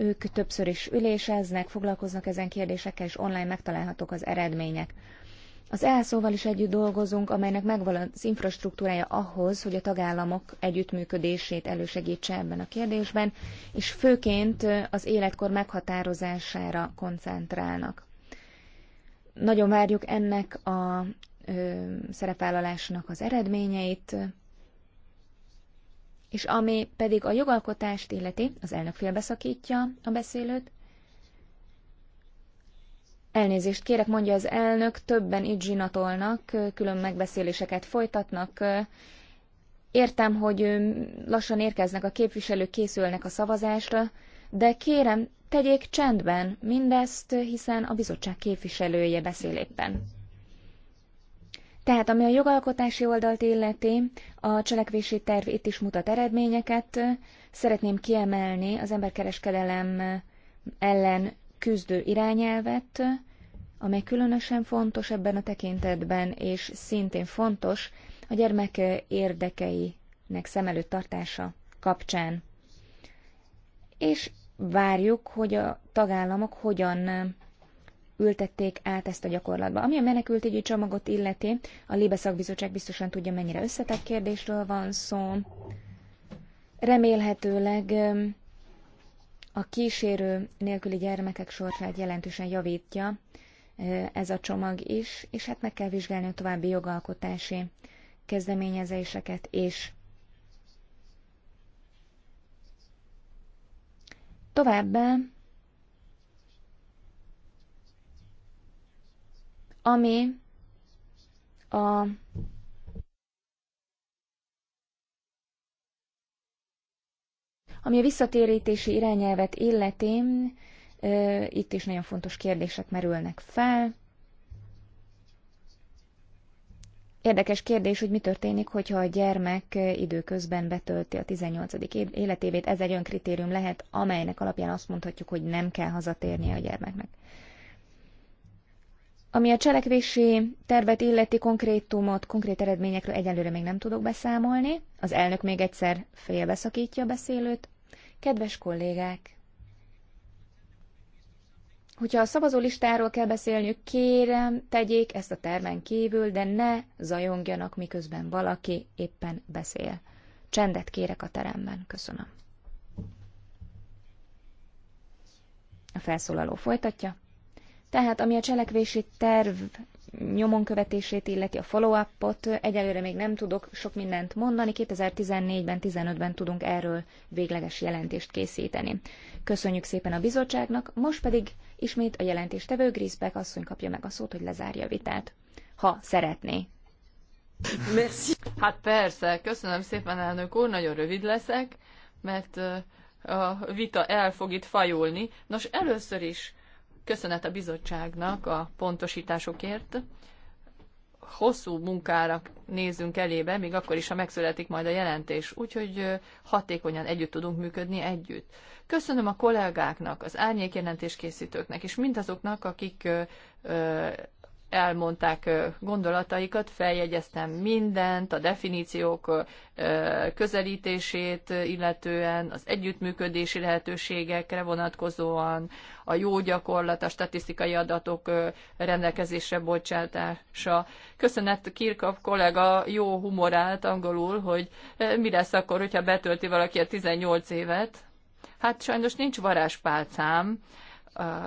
ők többször is üléseznek, foglalkoznak ezen kérdésekkel, és online megtalálhatók az eredmények. Az elszóval is együtt dolgozunk, amelynek megvan az infrastruktúrája ahhoz, hogy a tagállamok együttműködését elősegítse ebben a kérdésben, és főként az életkor meghatározására koncentrálnak. Nagyon várjuk ennek a ö, szerepvállalásnak az eredményeit, és ami pedig a jogalkotást illeti, az elnök félbeszakítja a beszélőt. Elnézést kérek, mondja az elnök, többen itt zsinatolnak, külön megbeszéléseket folytatnak. Értem, hogy lassan érkeznek a képviselők, készülnek a szavazásra, de kérem, tegyék csendben mindezt, hiszen a bizottság képviselője beszél éppen. Tehát ami a jogalkotási oldalt illeti, a cselekvési terv itt is mutat eredményeket. Szeretném kiemelni az emberkereskedelem ellen küzdő irányelvet, amely különösen fontos ebben a tekintetben, és szintén fontos a gyermek érdekeinek szem előtt tartása kapcsán. És várjuk, hogy a tagállamok hogyan ültették át ezt a gyakorlatba. Ami a menekültügyi csomagot illeti, a Libe szakbizottság biztosan tudja, mennyire összetett kérdésről van szó. Remélhetőleg a kísérő nélküli gyermekek sorsát jelentősen javítja ez a csomag is, és hát meg kell vizsgálni a további jogalkotási kezdeményezéseket is. Továbbá ami a ami a visszatérítési irányelvet illeti, itt is nagyon fontos kérdések merülnek fel. Érdekes kérdés, hogy mi történik, hogyha a gyermek időközben betölti a 18. életévét. Ez egy olyan kritérium lehet, amelynek alapján azt mondhatjuk, hogy nem kell hazatérnie a gyermeknek. Ami a cselekvési tervet illeti konkrétumot, konkrét eredményekről egyelőre még nem tudok beszámolni. Az elnök még egyszer félbeszakítja a beszélőt. Kedves kollégák! Hogyha a szavazólistáról kell beszélniük, kérem, tegyék ezt a termen kívül, de ne zajongjanak, miközben valaki éppen beszél. Csendet kérek a teremben. Köszönöm. A felszólaló folytatja. Tehát ami a cselekvési terv nyomon követését illeti a follow-upot, egyelőre még nem tudok sok mindent mondani, 2014-ben, 15-ben tudunk erről végleges jelentést készíteni. Köszönjük szépen a bizottságnak, most pedig ismét a jelentéstevő Griszbek asszony kapja meg a szót, hogy lezárja a vitát. Ha szeretné. Merci. Hát persze, köszönöm szépen elnök úr, nagyon rövid leszek, mert a vita el fog itt fajulni. Nos, először is Köszönet a bizottságnak a pontosításokért. Hosszú munkára nézünk elébe, még akkor is, ha megszületik majd a jelentés, úgyhogy hatékonyan együtt tudunk működni együtt. Köszönöm a kollégáknak, az árnyék jelentéskészítőknek, és mindazoknak, akik elmondták gondolataikat, feljegyeztem mindent, a definíciók közelítését illetően, az együttműködési lehetőségekre vonatkozóan, a jó gyakorlat, a statisztikai adatok rendelkezésre bocsátása. Köszönet Kirkap kollega jó humorát angolul, hogy mi lesz akkor, hogyha betölti valaki a 18 évet. Hát sajnos nincs varázspálcám,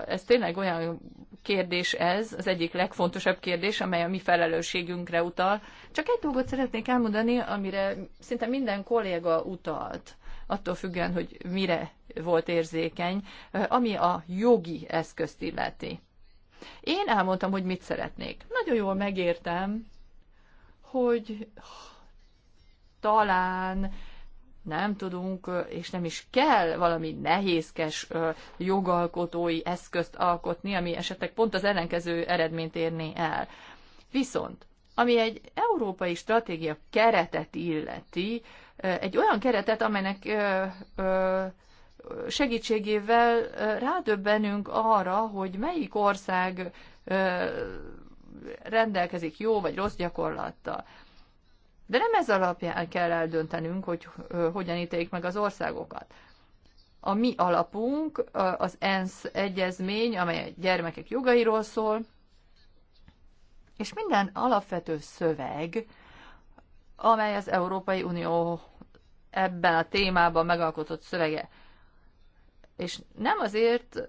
ez tényleg olyan kérdés ez, az egyik legfontosabb kérdés, amely a mi felelősségünkre utal. Csak egy dolgot szeretnék elmondani, amire szinte minden kolléga utalt, attól függően, hogy mire volt érzékeny, ami a jogi eszközt illeti. Én elmondtam, hogy mit szeretnék. Nagyon jól megértem, hogy talán nem tudunk, és nem is kell valami nehézkes jogalkotói eszközt alkotni, ami esetleg pont az ellenkező eredményt érné el. Viszont, ami egy európai stratégia keretet illeti, egy olyan keretet, amelynek segítségével rádöbbenünk arra, hogy melyik ország rendelkezik jó vagy rossz gyakorlattal. De nem ez alapján kell eldöntenünk, hogy hogyan ítéljük meg az országokat. A mi alapunk az ENSZ egyezmény, amely a gyermekek jogairól szól, és minden alapvető szöveg, amely az Európai Unió ebben a témában megalkotott szövege. És nem azért,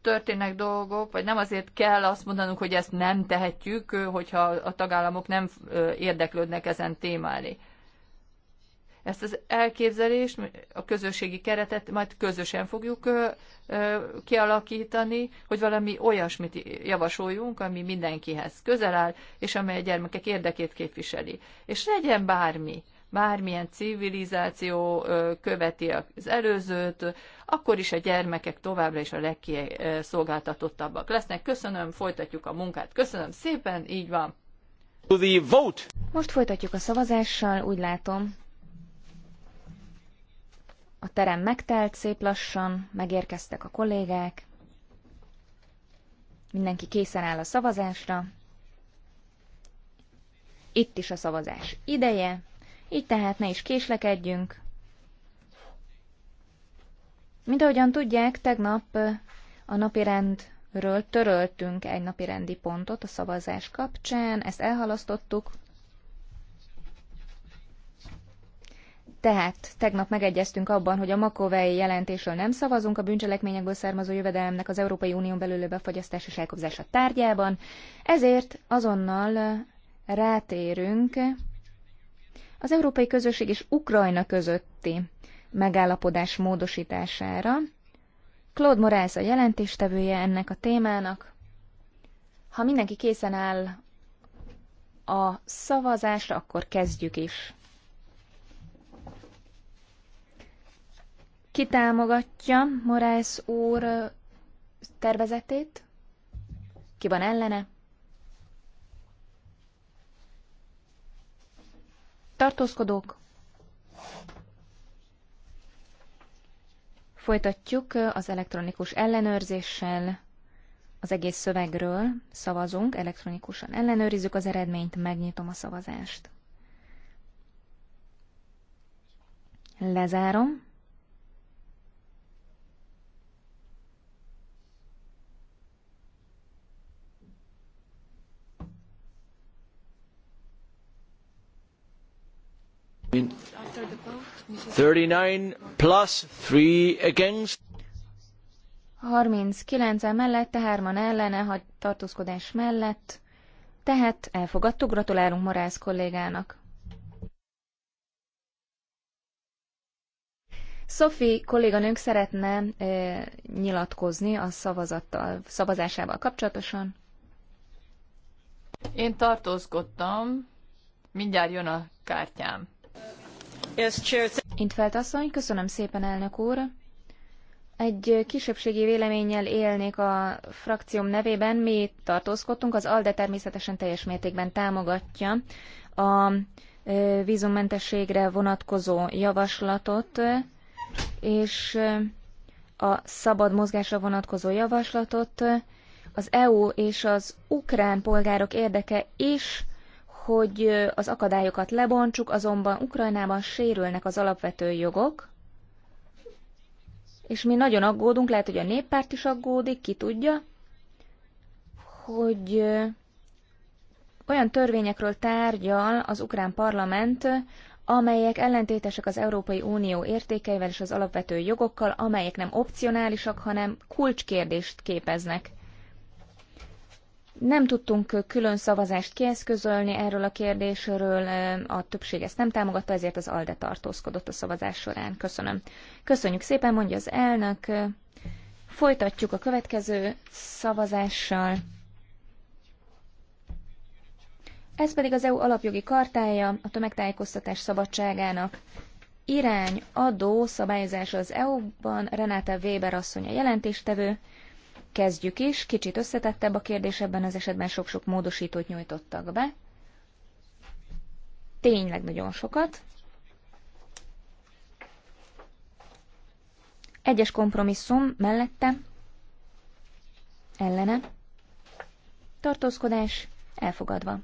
történnek dolgok, vagy nem azért kell azt mondanunk, hogy ezt nem tehetjük, hogyha a tagállamok nem érdeklődnek ezen témáni. Ezt az elképzelést, a közösségi keretet majd közösen fogjuk kialakítani, hogy valami olyasmit javasoljunk, ami mindenkihez közel áll, és amely a gyermekek érdekét képviseli. És legyen bármi bármilyen civilizáció követi az előzőt, akkor is a gyermekek továbbra is a legkiszolgáltatottabbak lesznek. Köszönöm, folytatjuk a munkát. Köszönöm szépen, így van. Most folytatjuk a szavazással, úgy látom. A terem megtelt szép lassan, megérkeztek a kollégák. Mindenki készen áll a szavazásra. Itt is a szavazás ideje. Így tehát ne is késlekedjünk. Mint ahogyan tudják, tegnap a napirendről töröltünk egy napirendi pontot a szavazás kapcsán, ezt elhalasztottuk. Tehát tegnap megegyeztünk abban, hogy a makovei jelentésről nem szavazunk a bűncselekményekből származó jövedelemnek az Európai Unión belül befagyasztás és elkobzása tárgyában, ezért azonnal rátérünk az Európai Közösség és Ukrajna közötti megállapodás módosítására. Claude Morales a jelentéstevője ennek a témának. Ha mindenki készen áll a szavazásra, akkor kezdjük is. Ki támogatja Morales úr tervezetét? Ki van ellene? tartózkodók. Folytatjuk az elektronikus ellenőrzéssel. Az egész szövegről szavazunk, elektronikusan ellenőrizzük az eredményt, megnyitom a szavazást. Lezárom. 39 plus 3 against. 39 mellette, 3 ellene, ha tartózkodás mellett. Tehát elfogadtuk, gratulálunk Morász kollégának. Szofi kolléganőnk szeretne e, nyilatkozni a szavazattal, szavazásával kapcsolatosan. Én tartózkodtam, mindjárt jön a kártyám. Intfelt asszony, köszönöm szépen, elnök úr. Egy kisebbségi véleménnyel élnék a frakcióm nevében. Mi tartózkodtunk, az ALDE természetesen teljes mértékben támogatja a vízummentességre vonatkozó javaslatot, és a szabad mozgásra vonatkozó javaslatot. Az EU és az ukrán polgárok érdeke is hogy az akadályokat lebontsuk, azonban Ukrajnában sérülnek az alapvető jogok, és mi nagyon aggódunk, lehet, hogy a néppárt is aggódik, ki tudja, hogy olyan törvényekről tárgyal az ukrán parlament, amelyek ellentétesek az Európai Unió értékeivel és az alapvető jogokkal, amelyek nem opcionálisak, hanem kulcskérdést képeznek. Nem tudtunk külön szavazást kieszközölni erről a kérdésről, a többség ezt nem támogatta, ezért az ALDE tartózkodott a szavazás során. Köszönöm. Köszönjük szépen, mondja az elnök. Folytatjuk a következő szavazással. Ez pedig az EU alapjogi kartája a tömegtájékoztatás szabadságának irány adó szabályozása az EU-ban. Renáta Weber asszony a jelentéstevő kezdjük is. Kicsit összetettebb a kérdés, ebben az esetben sok-sok módosítót nyújtottak be. Tényleg nagyon sokat. Egyes kompromisszum mellette, ellene, tartózkodás elfogadva.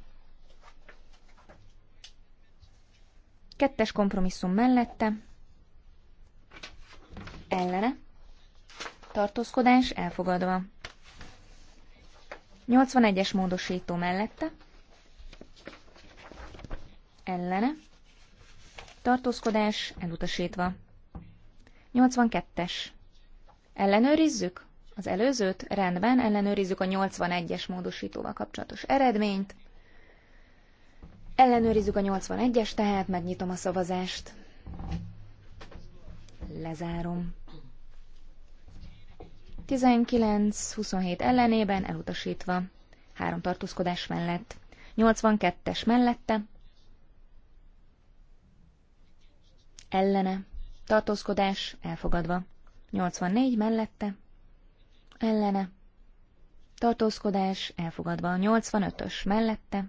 Kettes kompromisszum mellette, ellene, tartózkodás elfogadva. 81-es módosító mellette, ellene, tartózkodás elutasítva. 82-es. Ellenőrizzük? Az előzőt? Rendben, ellenőrizzük a 81-es módosítóval kapcsolatos eredményt. Ellenőrizzük a 81-es, tehát megnyitom a szavazást. Lezárom. 19-27 ellenében elutasítva. Három tartózkodás mellett. 82-es mellette. Ellene. Tartózkodás elfogadva. 84 mellette. Ellene. Tartózkodás elfogadva. 85-ös mellette.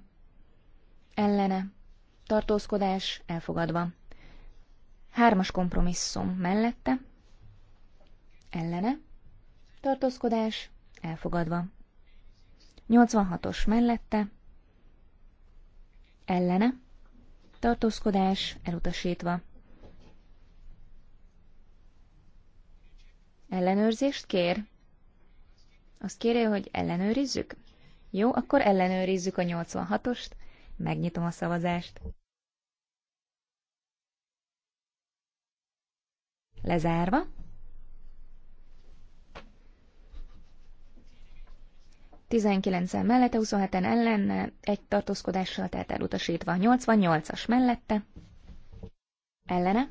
Ellene. Tartózkodás elfogadva. Hármas kompromisszum mellette. Ellene tartózkodás elfogadva. 86-os mellette, ellene, tartózkodás elutasítva. Ellenőrzést kér? Azt kérje, hogy ellenőrizzük? Jó, akkor ellenőrizzük a 86-ost, megnyitom a szavazást. Lezárva. 19-en mellette, 27-en ellen, egy tartózkodással, telt elutasítva. 88-as mellette, ellene,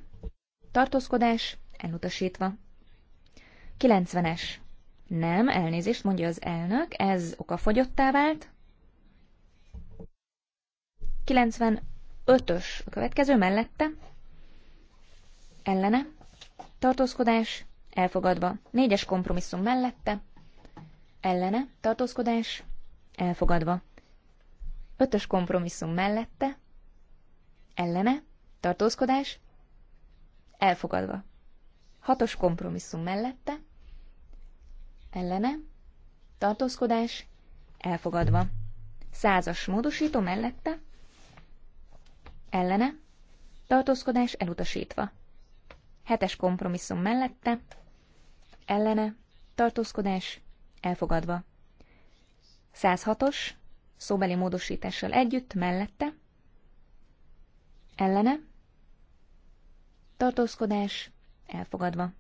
tartózkodás, elutasítva. 90-es. Nem, elnézést, mondja az elnök, ez okafogyottá vált. 95-ös a következő mellette, ellene, tartózkodás, elfogadva. 4-es kompromisszum mellette, ellene, tartózkodás, elfogadva. Ötös kompromisszum mellette, ellene, tartózkodás, elfogadva. Hatos kompromisszum mellette, ellene, tartózkodás, elfogadva. Százas módosító mellette, ellene, tartózkodás elutasítva. Hetes kompromisszum mellette, ellene, tartózkodás Elfogadva. 106-os, szóbeli módosítással együtt, mellette. Ellene. Tartózkodás. Elfogadva.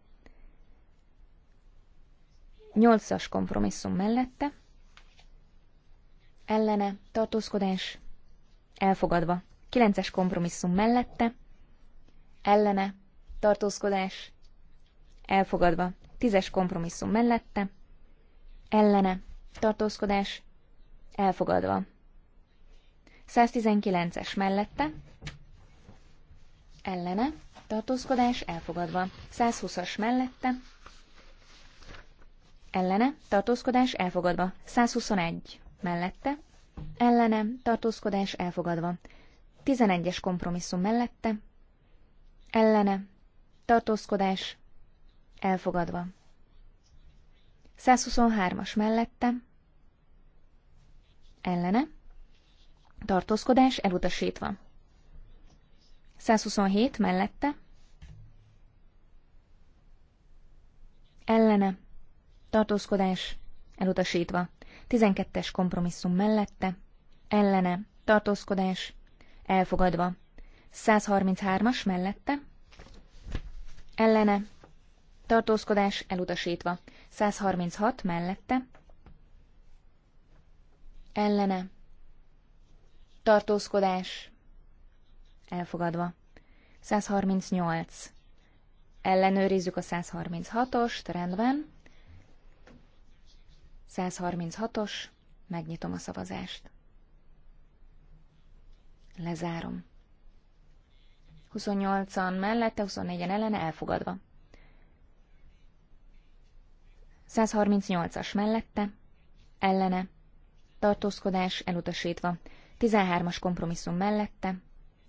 8-as kompromisszum mellette. Ellene. Tartózkodás. Elfogadva. 9-es kompromisszum mellette. Ellene. Tartózkodás. Elfogadva. 10-es kompromisszum mellette ellene, tartózkodás, elfogadva. 119-es mellette, ellene, tartózkodás, elfogadva. 120-as mellette, ellene, tartózkodás, elfogadva. 121 mellette, ellene, tartózkodás, elfogadva. 11-es kompromisszum mellette, ellene, tartózkodás, elfogadva. 123-as mellette, ellene, tartózkodás elutasítva. 127 mellette, ellene, tartózkodás elutasítva. 12-es kompromisszum mellette, ellene, tartózkodás elfogadva. 133-as mellette, ellene, tartózkodás elutasítva. 136 mellette, ellene, tartózkodás, elfogadva. 138. Ellenőrizzük a 136-ost, rendben. 136-os, megnyitom a szavazást. Lezárom. 28-an mellette, 24-en ellene elfogadva. 138-as mellette, ellene, tartózkodás elutasítva. 13-as kompromisszum mellette,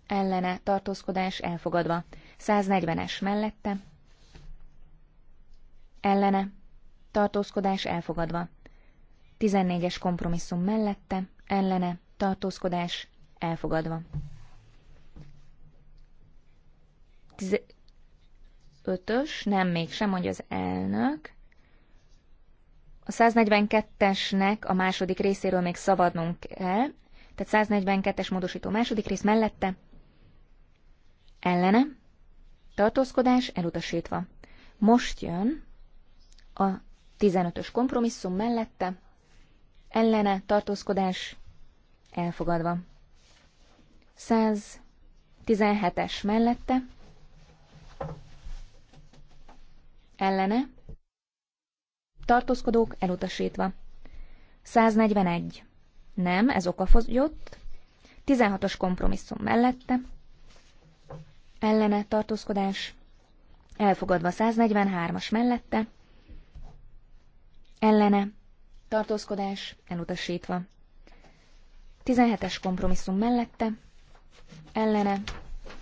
ellene, tartózkodás elfogadva. 140-es mellette, ellene, tartózkodás elfogadva. 14-es kompromisszum mellette, ellene, tartózkodás elfogadva. 15-ös, nem mégsem, mondja az elnök. A 142-esnek a második részéről még szabadnunk kell, tehát 142-es módosító második rész mellette ellene tartózkodás elutasítva. Most jön a 15-ös kompromisszum mellette ellene tartózkodás elfogadva. 117-es mellette ellene tartózkodók elutasítva. 141. Nem, ez okafogyott. 16-os kompromisszum mellette. Ellene tartózkodás. Elfogadva 143-as mellette. Ellene tartózkodás elutasítva. 17-es kompromisszum mellette. Ellene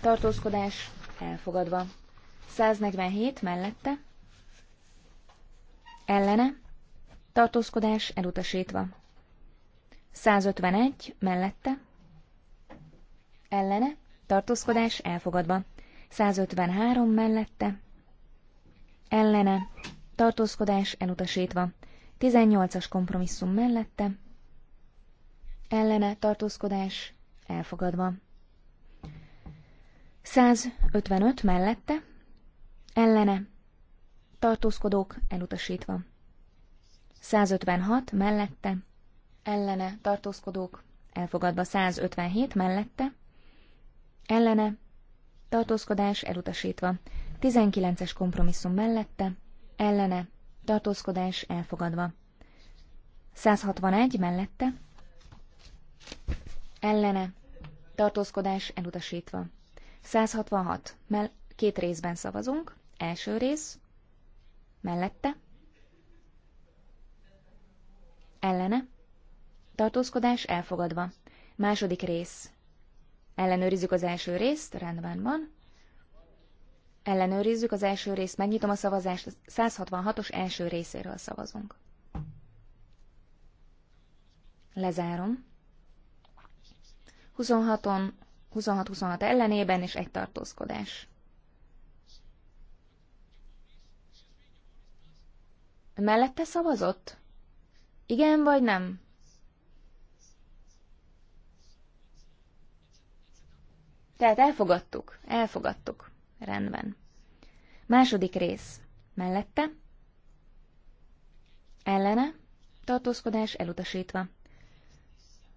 tartózkodás elfogadva. 147 mellette ellene, tartózkodás elutasítva. 151 mellette, ellene, tartózkodás elfogadva. 153 mellette, ellene, tartózkodás elutasítva. 18-as kompromisszum mellette, ellene, tartózkodás elfogadva. 155 mellette, ellene, tartózkodók elutasítva. 156 mellette, ellene tartózkodók elfogadva 157 mellette, ellene tartózkodás elutasítva 19-es kompromisszum mellette, ellene tartózkodás elfogadva 161 mellette, ellene tartózkodás elutasítva 166 mell két részben szavazunk, első rész Mellette? Ellene? Tartózkodás elfogadva. Második rész. Ellenőrizzük az első részt, rendben van. Ellenőrizzük az első részt, megnyitom a szavazást, 166-os első részéről szavazunk. Lezárom. 26-on, 26-26 ellenében és egy tartózkodás. Mellette szavazott? Igen vagy nem? Tehát elfogadtuk, elfogadtuk. Rendben. Második rész. Mellette? Ellene? Tartózkodás elutasítva.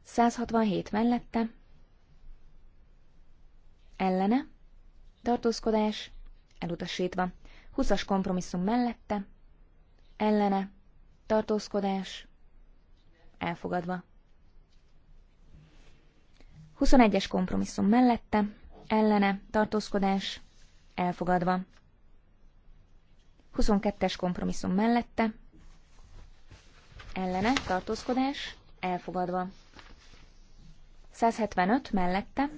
167 mellette? Ellene? Tartózkodás elutasítva. 20-as kompromisszum mellette? ellene, tartózkodás, elfogadva. 21-es kompromisszum mellette, ellene, tartózkodás, elfogadva. 22-es kompromisszum mellette, ellene, tartózkodás, elfogadva. 175 mellette,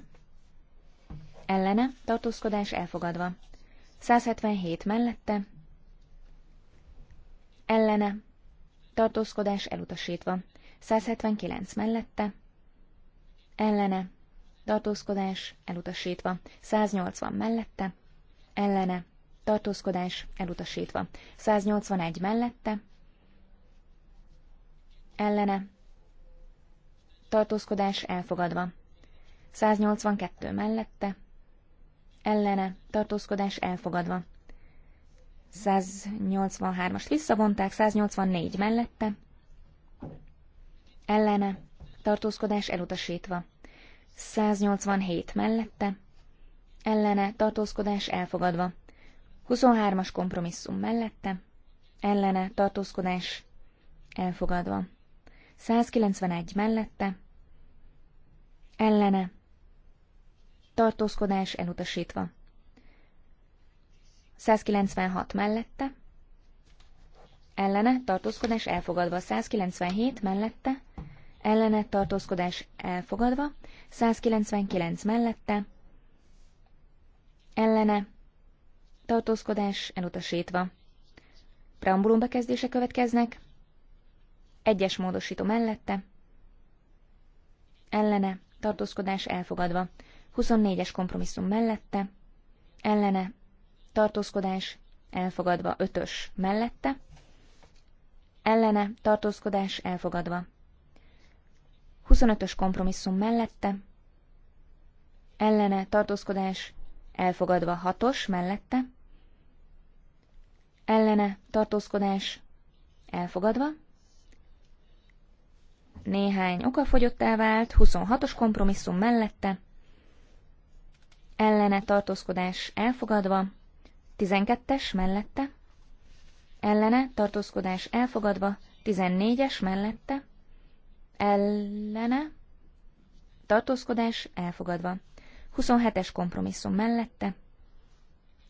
ellene, tartózkodás, elfogadva. 177 mellette, ellene, tartózkodás elutasítva. 179 mellette, ellene, tartózkodás elutasítva. 180 mellette, ellene, tartózkodás elutasítva. 181 mellette, ellene, tartózkodás elfogadva. 182 mellette, ellene, tartózkodás elfogadva. 183-as visszavonták, 184 mellette, ellene, tartózkodás elutasítva, 187 mellette, ellene, tartózkodás elfogadva, 23-as kompromisszum mellette, ellene, tartózkodás elfogadva, 191 mellette, ellene, tartózkodás elutasítva, 196 mellette, ellene tartózkodás elfogadva, 197 mellette, ellene tartózkodás elfogadva, 199 mellette, ellene tartózkodás elutasítva. Preambulum bekezdése következnek, egyes módosító mellette, ellene tartózkodás elfogadva, 24-es kompromisszum mellette, ellene tartózkodás elfogadva, ötös mellette, ellene tartózkodás elfogadva. 25-ös kompromisszum mellette, ellene tartózkodás elfogadva, 6-os mellette, ellene tartózkodás elfogadva, néhány okafogyottá vált, 26-os kompromisszum mellette, ellene tartózkodás elfogadva, 12-es mellette, ellene tartózkodás elfogadva, 14-es mellette, ellene tartózkodás elfogadva, 27-es kompromisszum mellette,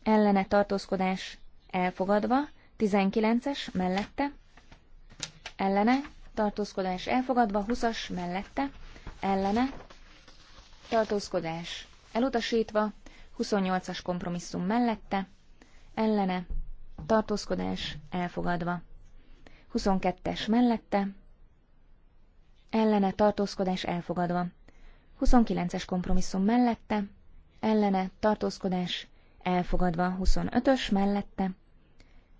ellene tartózkodás elfogadva, 19-es mellette, ellene tartózkodás elfogadva, 20-as mellette, ellene tartózkodás elutasítva, 28-as kompromisszum mellette, ellene, tartózkodás elfogadva. 22-es mellette, ellene, tartózkodás elfogadva. 29-es kompromisszum mellette, ellene, tartózkodás elfogadva. 25-ös mellette,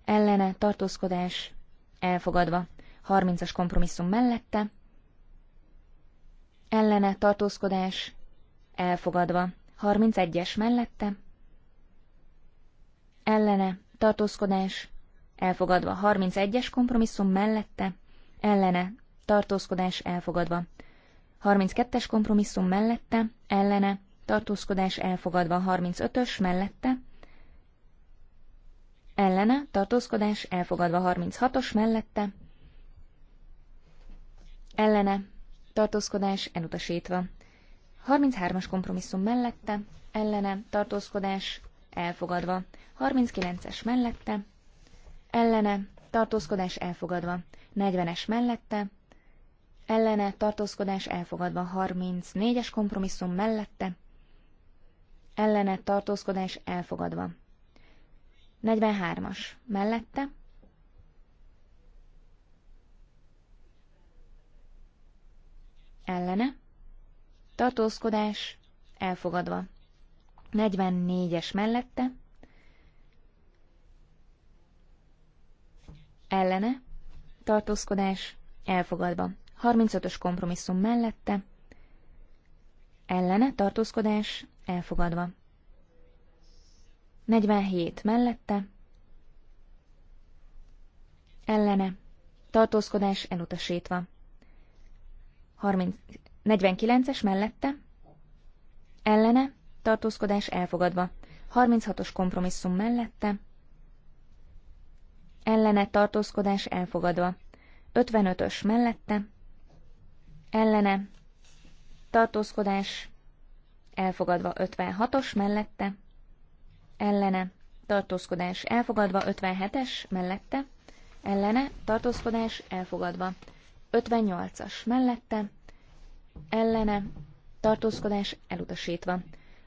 ellene, tartózkodás elfogadva. 30-as kompromisszum mellette, ellene, tartózkodás elfogadva. 31-es mellette, ellene, tartózkodás, elfogadva. 31-es kompromisszum mellette, ellene, tartózkodás, elfogadva. 32-es kompromisszum mellette, ellene, tartózkodás, elfogadva. 35-ös mellette, ellene, tartózkodás, elfogadva. 36-os mellette, ellene, tartózkodás, elutasítva. 33-as kompromisszum mellette, ellene, tartózkodás, elfogadva. 39-es mellette, ellene, tartózkodás elfogadva. 40-es mellette, ellene, tartózkodás elfogadva. 34-es kompromisszum mellette, ellene, tartózkodás elfogadva. 43-as mellette, ellene, tartózkodás elfogadva. 44-es mellette, ellene, tartózkodás, elfogadva. 35-ös kompromisszum mellette, ellene, tartózkodás, elfogadva. 47 mellette, ellene, tartózkodás elutasítva. 30, 49-es mellette, ellene, tartózkodás elfogadva. 36-os kompromisszum mellette, ellene tartózkodás elfogadva. 55-ös mellette, ellene tartózkodás elfogadva. 56-os mellette, ellene tartózkodás elfogadva. 57-es mellette, ellene tartózkodás elfogadva. 58-as mellette, ellene tartózkodás elutasítva.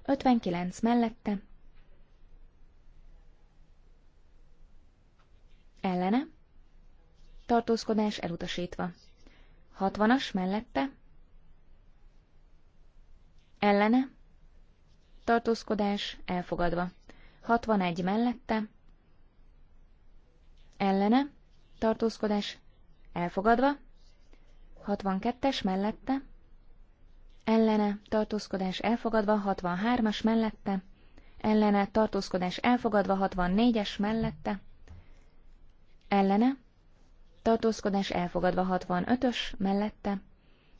59 mellette. Ellene. Tartózkodás elutasítva. 60-as mellette. Ellene. Tartózkodás elfogadva. 61 mellette. Ellene. Tartózkodás elfogadva. 62-es mellette ellene tartózkodás elfogadva 63-as mellette, ellene tartózkodás elfogadva 64-es mellette, ellene tartózkodás elfogadva 65-ös mellette,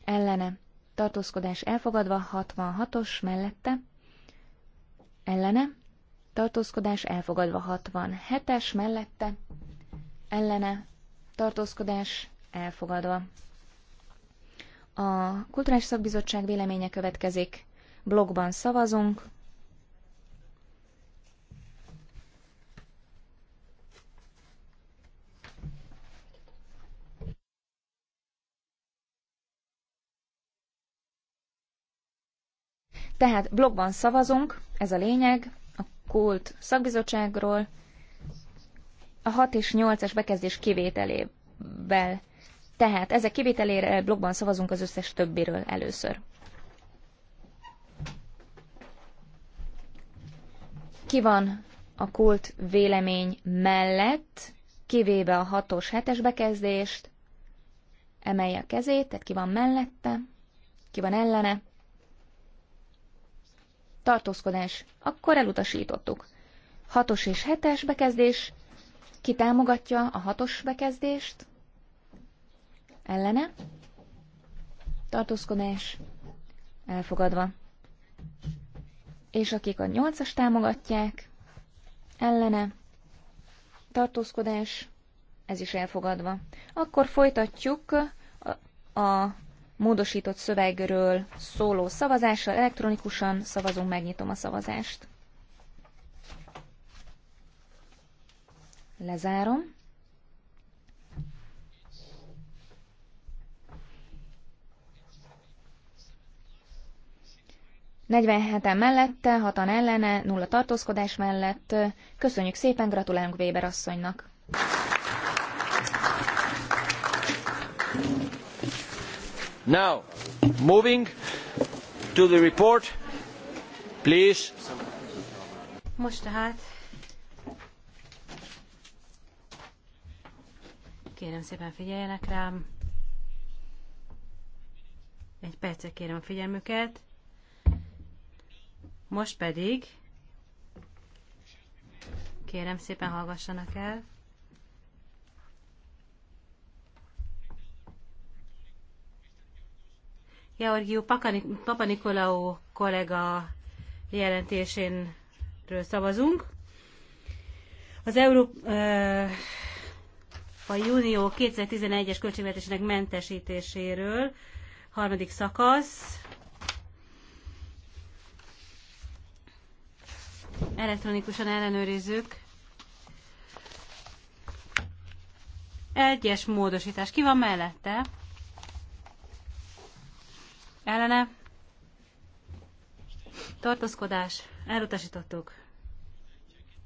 ellene tartózkodás elfogadva 66-os mellette, ellene tartózkodás elfogadva 67-es mellette, ellene tartózkodás elfogadva. A Kulturális Szakbizottság véleménye következik. Blogban szavazunk. Tehát blogban szavazunk, ez a lényeg, a kult szakbizottságról, a 6 és 8-as bekezdés kivételével tehát ezek kivételére blogban szavazunk az összes többiről először. Ki van a kult vélemény mellett, kivéve a 6-os 7-es bekezdést, emelje a kezét, tehát ki van mellette, ki van ellene. Tartózkodás. Akkor elutasítottuk. 6-os és 7-es bekezdés. Ki támogatja a 6-os bekezdést? Ellene? Tartózkodás? Elfogadva. És akik a nyolcas támogatják? Ellene? Tartózkodás? Ez is elfogadva. Akkor folytatjuk a, módosított szövegről szóló szavazással. Elektronikusan szavazunk, megnyitom a szavazást. Lezárom. 47-en mellette, 6-an ellene, nulla tartózkodás mellett. Köszönjük szépen, gratulálunk Weber asszonynak. Now, moving to the report, please. Most tehát kérem szépen figyeljenek rám. Egy percet kérem a figyelmüket. Most pedig kérem szépen hallgassanak el. Papa Nikolaó kollega jelentésénről szavazunk. Az Európai Unió 2011-es költségvetésének mentesítéséről harmadik szakasz. elektronikusan ellenőrizzük. Egyes módosítás. Ki van mellette? Ellene? Tartózkodás. Elutasítottuk.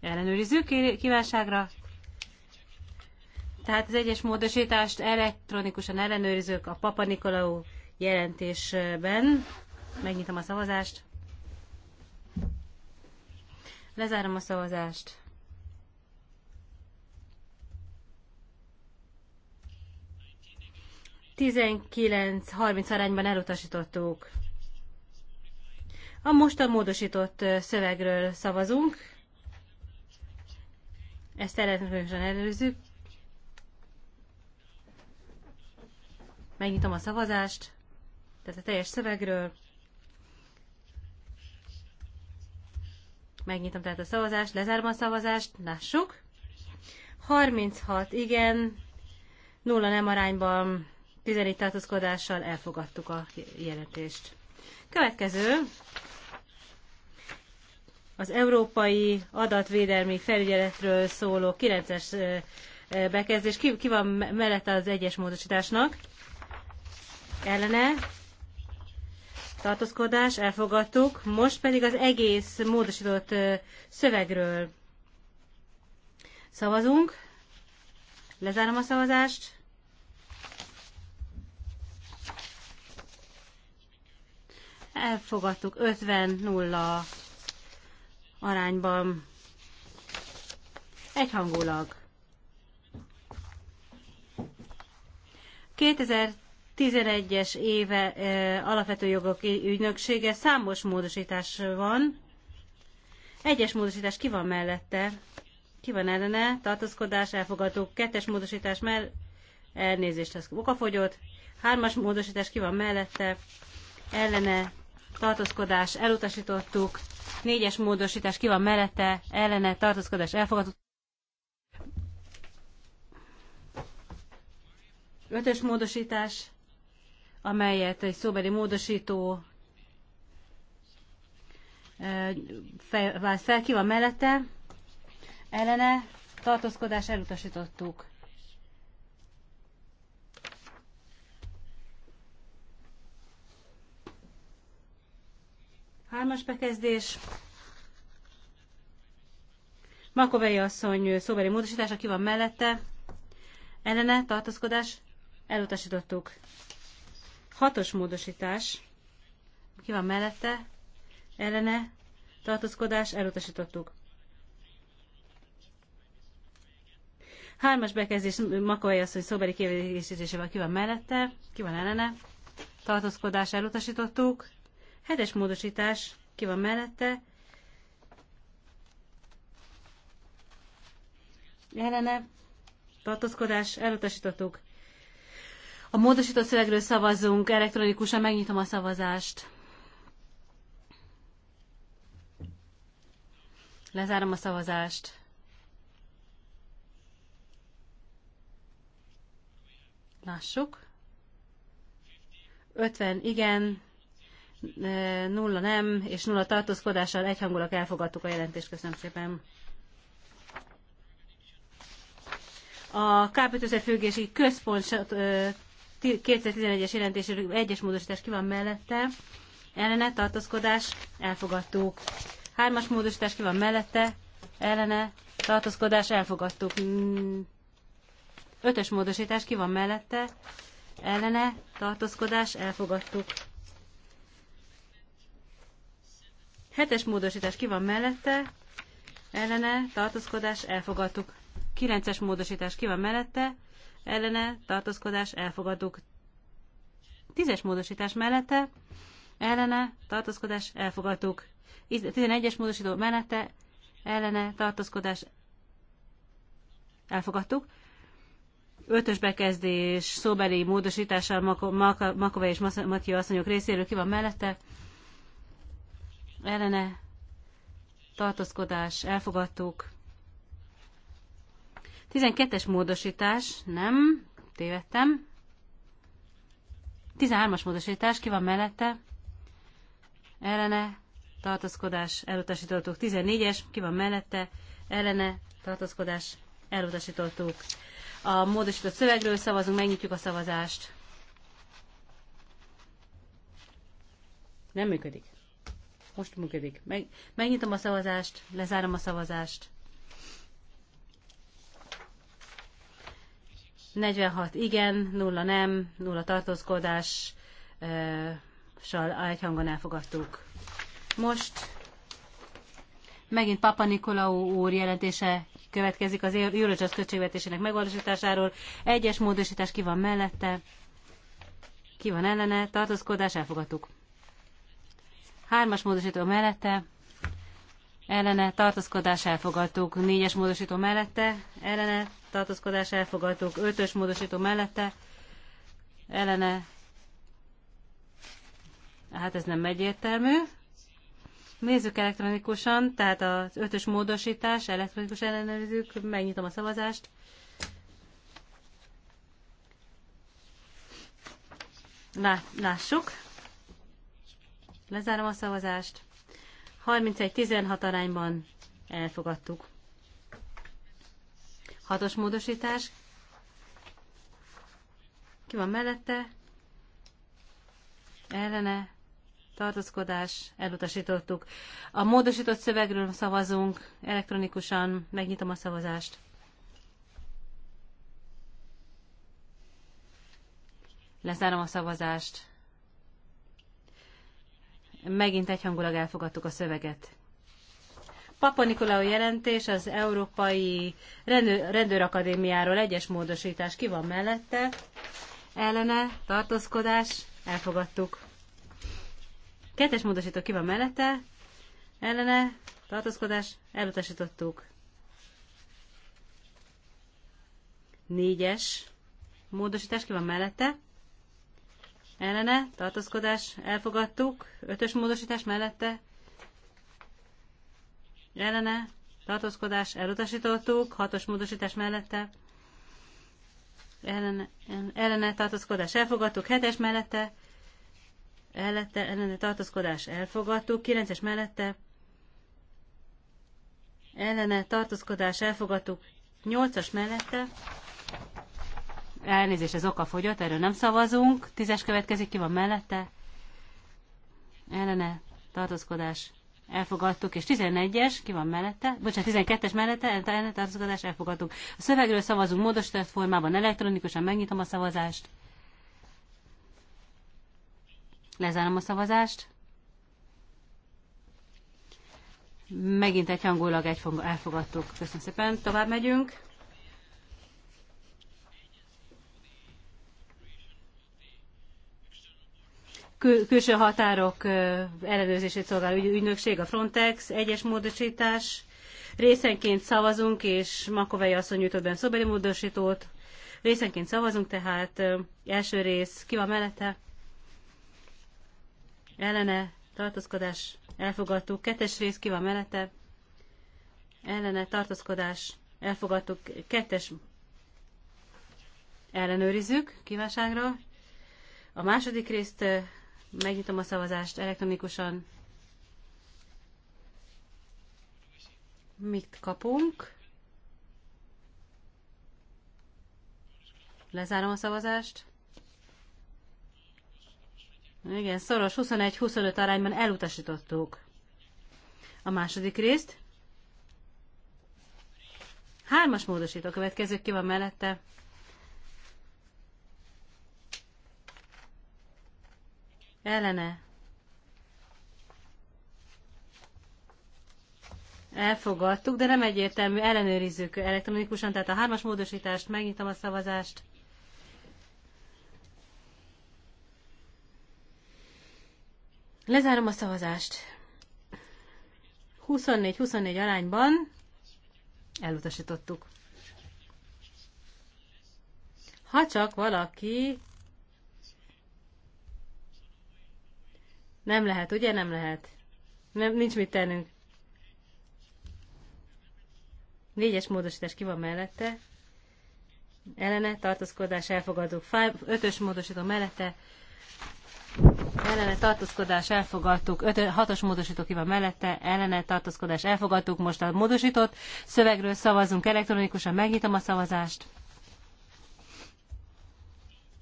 Ellenőrizzük kívánságra. Tehát az egyes módosítást elektronikusan ellenőrizzük a Papa Nikolaou jelentésben. Megnyitom a szavazást. Lezárom a szavazást. Tizenkilenc harminc arányban elutasítottuk. A most a módosított szövegről szavazunk. Ezt elektronikusan előzzük. Megnyitom a szavazást, tehát a teljes szövegről. Megnyitom tehát a szavazást, lezárom a szavazást, lássuk. 36 igen, nulla nem arányban, 14 tartózkodással elfogadtuk a jelentést. Következő az Európai Adatvédelmi Felügyeletről szóló 9-es bekezdés. Ki, ki van mellette az egyes módosításnak? Ellene tartózkodás, elfogadtuk. Most pedig az egész módosított szövegről szavazunk. Lezárom a szavazást. Elfogadtuk 50-0 arányban. Egyhangulag. 2000 11-es éve alapvető jogok ügynöksége, számos módosítás van. Egyes módosítás ki van mellette? Ki van ellene? Tartózkodás, elfogadó, Kettes módosítás mell... Elnézést, ez okafogyott. Hármas módosítás ki van mellette? Ellene. Tartózkodás, elutasítottuk. Négyes módosítás ki van mellette? Ellene. Tartózkodás, elfogadott. Ötös módosítás amelyet egy szóbeli módosító vált fel ki van mellette, ellene tartózkodás elutasítottuk. Hármas bekezdés. Makovei asszony szóbeli módosítása ki van mellette. Ellene tartózkodás elutasítottuk. Hatos módosítás. Ki van mellette? Ellene? Tartózkodás? Elutasítottuk. Hármas bekezdés Makovai asszony szóbeli kiegészítésével ki van mellette, ki van ellene. Tartózkodás elutasítottuk. Hetes módosítás ki van mellette. Ellene. Tartózkodás elutasítottuk. A módosított szövegről szavazunk, elektronikusan megnyitom a szavazást. Lezárom a szavazást. Lássuk. 50 igen, e, nulla nem, és nulla tartózkodással egyhangulag elfogadtuk a jelentést. Köszönöm szépen. A kábítószerfüggési központ e, 2011-es jelentéséről egyes módosítás ki van mellette, ellene tartózkodás elfogadtuk. Hármas módosítás ki van mellette, ellene tartózkodás elfogadtuk. Ötös módosítás ki van mellette, ellene tartózkodás elfogadtuk. Hetes módosítás ki van mellette, ellene tartózkodás elfogadtuk. Kilences módosítás ki van mellette, ellene tartózkodás elfogadtuk. Tízes módosítás mellette ellene tartózkodás elfogadtuk. 11-es módosító mellette ellene tartózkodás elfogadtuk. Ötös bekezdés szóbeli módosítással Mako, Makova és Matyó asszonyok részéről ki van mellette. Ellene tartózkodás elfogadtuk. 12-es módosítás, nem, tévedtem. 13-as módosítás, ki van mellette? Ellene, tartózkodás, elutasítottuk. 14-es, ki van mellette? Ellene, tartózkodás, elutasítottuk. A módosított szövegről szavazunk, megnyitjuk a szavazást. Nem működik. Most működik. Meg, megnyitom a szavazást, lezárom a szavazást. 46 igen, 0 nem, 0 egy hangon elfogadtuk. Most megint Papa Nikolaou úr jelentése következik az Eurojust költségvetésének megvalósításáról. Egyes módosítás ki van mellette, ki van ellene, tartózkodás elfogadtuk. Hármas módosító mellette, ellene, tartózkodás elfogadtuk. Négyes módosító mellette, ellene, tartózkodás elfogadtuk. Ötös módosító mellette ellene, hát ez nem egyértelmű. Nézzük elektronikusan, tehát az ötös módosítás, elektronikus ellenőrizzük, megnyitom a szavazást. Lássuk. Lezárom a szavazást. 31-16 arányban elfogadtuk. Hatos módosítás. Ki van mellette? Ellene. Tartózkodás. Elutasítottuk. A módosított szövegről szavazunk elektronikusan. Megnyitom a szavazást. Lezárom a szavazást. Megint egyhangulag elfogadtuk a szöveget. Papa Nikolaó jelentés az Európai Rendőrakadémiáról egyes módosítás ki van mellette, ellene, tartózkodás, elfogadtuk. Kettes módosító ki van mellette, ellene, tartózkodás, elutasítottuk. Négyes módosítás ki van mellette, ellene, tartózkodás, elfogadtuk. Ötös módosítás mellette, ellene tartózkodás elutasítottuk, hatos módosítás mellette ellene, ellene tartózkodás elfogadtuk, hetes mellette ellette, ellene tartózkodás elfogadtuk, kilences mellette ellene tartózkodás elfogadtuk, nyolcas mellette elnézés, ez oka fogyott, erről nem szavazunk, tízes következik, ki van mellette ellene tartózkodás elfogadtuk, és 11-es, ki van mellette, bocsánat, 12-es mellette, ellentartózkodás, elfogadtuk. A szövegről szavazunk módosított formában, elektronikusan megnyitom a szavazást. Lezárom a szavazást. Megint egy hangulag elfogadtuk. Köszönöm szépen, tovább megyünk. kül- külső határok ellenőrzését szolgáló ügynökség, a Frontex, egyes módosítás, részenként szavazunk, és Makovei asszony nyújtott be szobeli módosítót, részenként szavazunk, tehát első rész, ki van mellette? Ellene, tartózkodás, elfogadtuk. Kettes rész, ki van mellette? Ellene, tartózkodás, elfogadtuk. Kettes, ellenőrizzük kívánságra. A második részt Megnyitom a szavazást elektronikusan. Mit kapunk? Lezárom a szavazást. Igen, szoros 21-25 arányban elutasítottuk a második részt. Hármas módosító következők ki van mellette? ellene elfogadtuk, de nem egyértelmű, ellenőrizzük elektronikusan, tehát a hármas módosítást, megnyitom a szavazást. Lezárom a szavazást. 24-24 arányban elutasítottuk. Ha csak valaki Nem lehet, ugye? Nem lehet. Nem, nincs mit tennünk. Négyes módosítás ki van mellette. Ellene, tartózkodás, elfogadók. Ötös módosító mellette. Ellene tartózkodás elfogadtuk, Öt-hatos módosító ki van mellette, ellene tartózkodás elfogadtuk, most a módosított szövegről szavazunk elektronikusan, megnyitom a szavazást.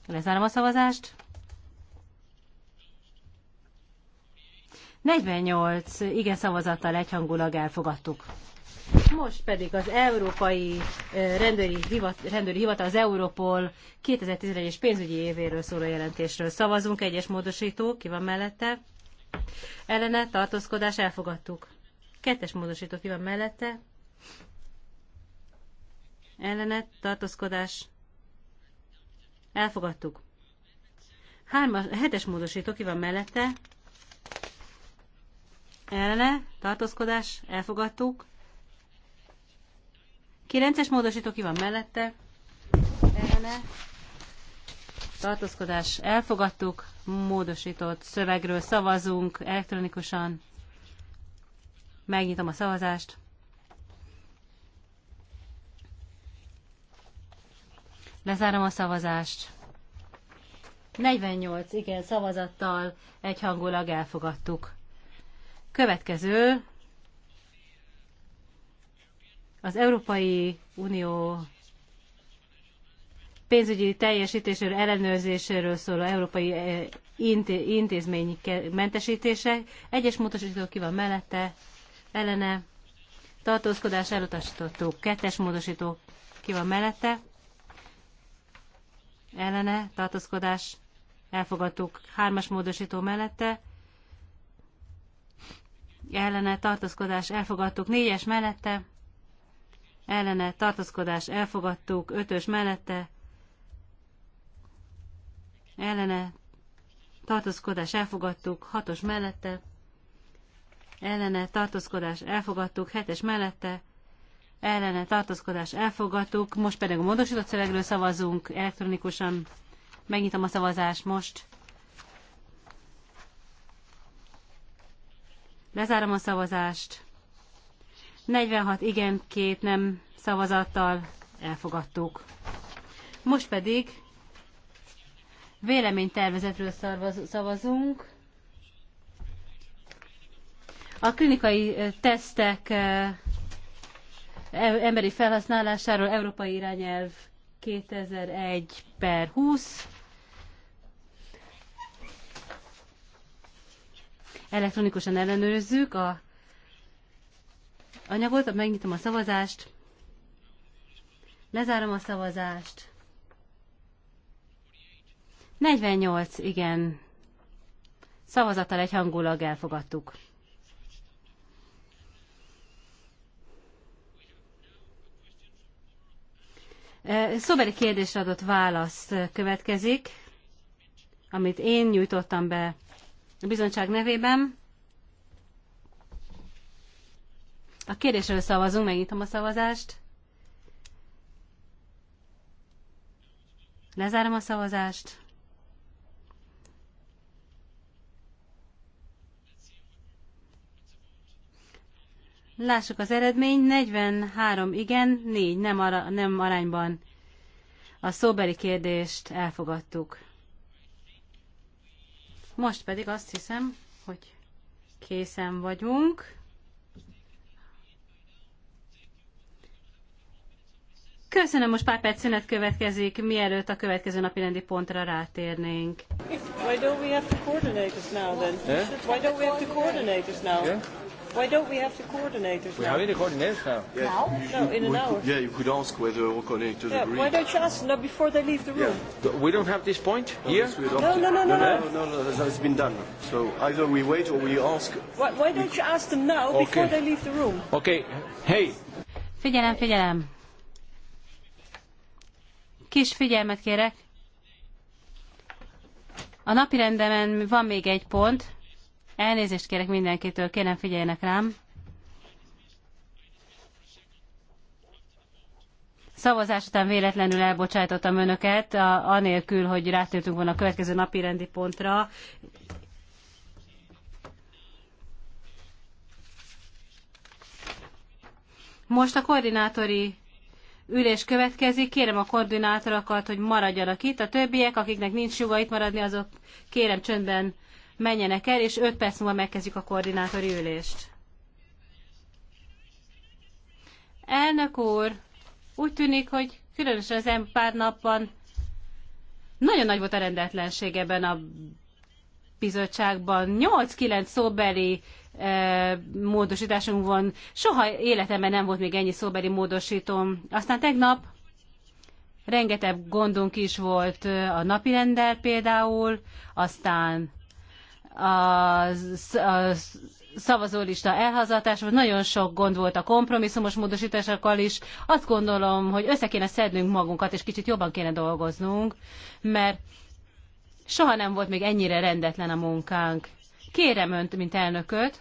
Lezárom a szavazást. 48 igen szavazattal egyhangulag elfogadtuk. Most pedig az Európai Rendőri, Hivat, Rendőri Hivatal, az Európol 2011-es pénzügyi évéről szóló jelentésről szavazunk. Egyes módosító, ki van mellette? Ellene tartózkodás elfogadtuk. Kettes módosító, ki van mellette? Ellene tartózkodás elfogadtuk. Hármas, hetes módosító, ki van mellette? ellene, tartózkodás, elfogadtuk. 9-es módosító ki van mellette, ellene, tartózkodás, elfogadtuk, módosított szövegről szavazunk elektronikusan. Megnyitom a szavazást. Lezárom a szavazást. 48 igen szavazattal egyhangulag elfogadtuk. Következő az Európai Unió pénzügyi teljesítéséről, ellenőrzéséről szóló európai eh, intézmény mentesítése. Egyes módosító ki van mellette, ellene, tartózkodás elutasítottuk. Kettes módosító ki van mellette, ellene, tartózkodás elfogadtuk. Hármas módosító mellette, ellene tartózkodás elfogadtuk, négyes mellette ellene tartózkodás elfogadtuk, ötös mellette ellene tartózkodás elfogadtuk, hatos mellette ellene tartózkodás elfogadtuk, hetes mellette ellene tartózkodás elfogadtuk, most pedig a módosított szövegről szavazunk elektronikusan. Megnyitom a szavazást most. Lezárom a szavazást. 46 igen, két nem szavazattal elfogadtuk. Most pedig véleménytervezetről szavazunk. A klinikai tesztek e-, emberi felhasználásáról Európai Irányelv 2001 per 20. elektronikusan ellenőrizzük a anyagot, megnyitom a szavazást, lezárom a szavazást. 48, igen. Szavazattal egy hangulag elfogadtuk. Szóbeli kérdésre adott válasz következik, amit én nyújtottam be a bizottság nevében. A kérdésről szavazunk, megnyitom a szavazást. Lezárom a szavazást. Lássuk az eredmény, 43 igen, 4 nem, ara, nem arányban. A szóbeli kérdést elfogadtuk. Most pedig azt hiszem, hogy készen vagyunk. Köszönöm, most pár perc szünet következik, mielőtt a következő napi rendi pontra rátérnénk. Why don't we have to coordinate coordinators now then? Yeah? Why don't we have to coordinate coordinators now? Yeah? Why don't we have the coordinators We now? have the coordinators now. Yeah, now? You, no, in an hour. Could, yeah, you could ask whether all coordinators yeah, agree. Why don't you ask now before they leave the room? Yeah. We don't have this point no, here? No no no, no, no, no, no. No, no, no, no, it's been done. So either we wait or we ask. Why, why don't you ask them now okay. before they leave the room? Okay. Hey! Figyelem, figyelem! Kis figyelmet kérek. A napirendemen van még egy pont. Elnézést kérek mindenkitől, kérem figyeljenek rám. Szavazás után véletlenül elbocsájtottam önöket, anélkül, hogy rátértünk volna a következő napi rendi pontra. Most a koordinátori ülés következik. Kérem a koordinátorokat, hogy maradjanak itt. A többiek, akiknek nincs joga itt maradni, azok kérem csöndben menjenek el, és 5 perc múlva megkezdjük a koordinátori ülést. Elnök úr, úgy tűnik, hogy különösen az pár napban nagyon nagy volt a rendetlenség ebben a bizottságban. 8-9 szóbeli e, módosításunk van. Soha életemben nem volt még ennyi szóbeli módosítom. Aztán tegnap rengeteg gondunk is volt e, a rendel például, aztán a, a szavazólista elhazatása, nagyon sok gond volt a kompromisszumos módosításokkal is. Azt gondolom, hogy össze kéne szednünk magunkat, és kicsit jobban kéne dolgoznunk, mert soha nem volt még ennyire rendetlen a munkánk. Kérem önt, mint elnököt,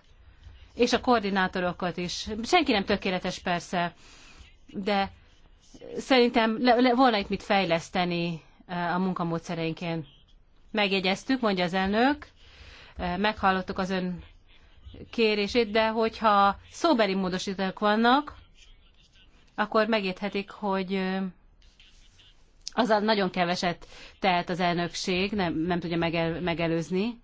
és a koordinátorokat is. Senki nem tökéletes persze, de szerintem le, le, volna itt mit fejleszteni eh, a munkamódszereinkén. Megjegyeztük, mondja az elnök meghallottuk az ön kérését, de hogyha szóbeli módosítók vannak, akkor megérthetik, hogy azzal nagyon keveset tehet az elnökség, nem, nem tudja megel, megelőzni.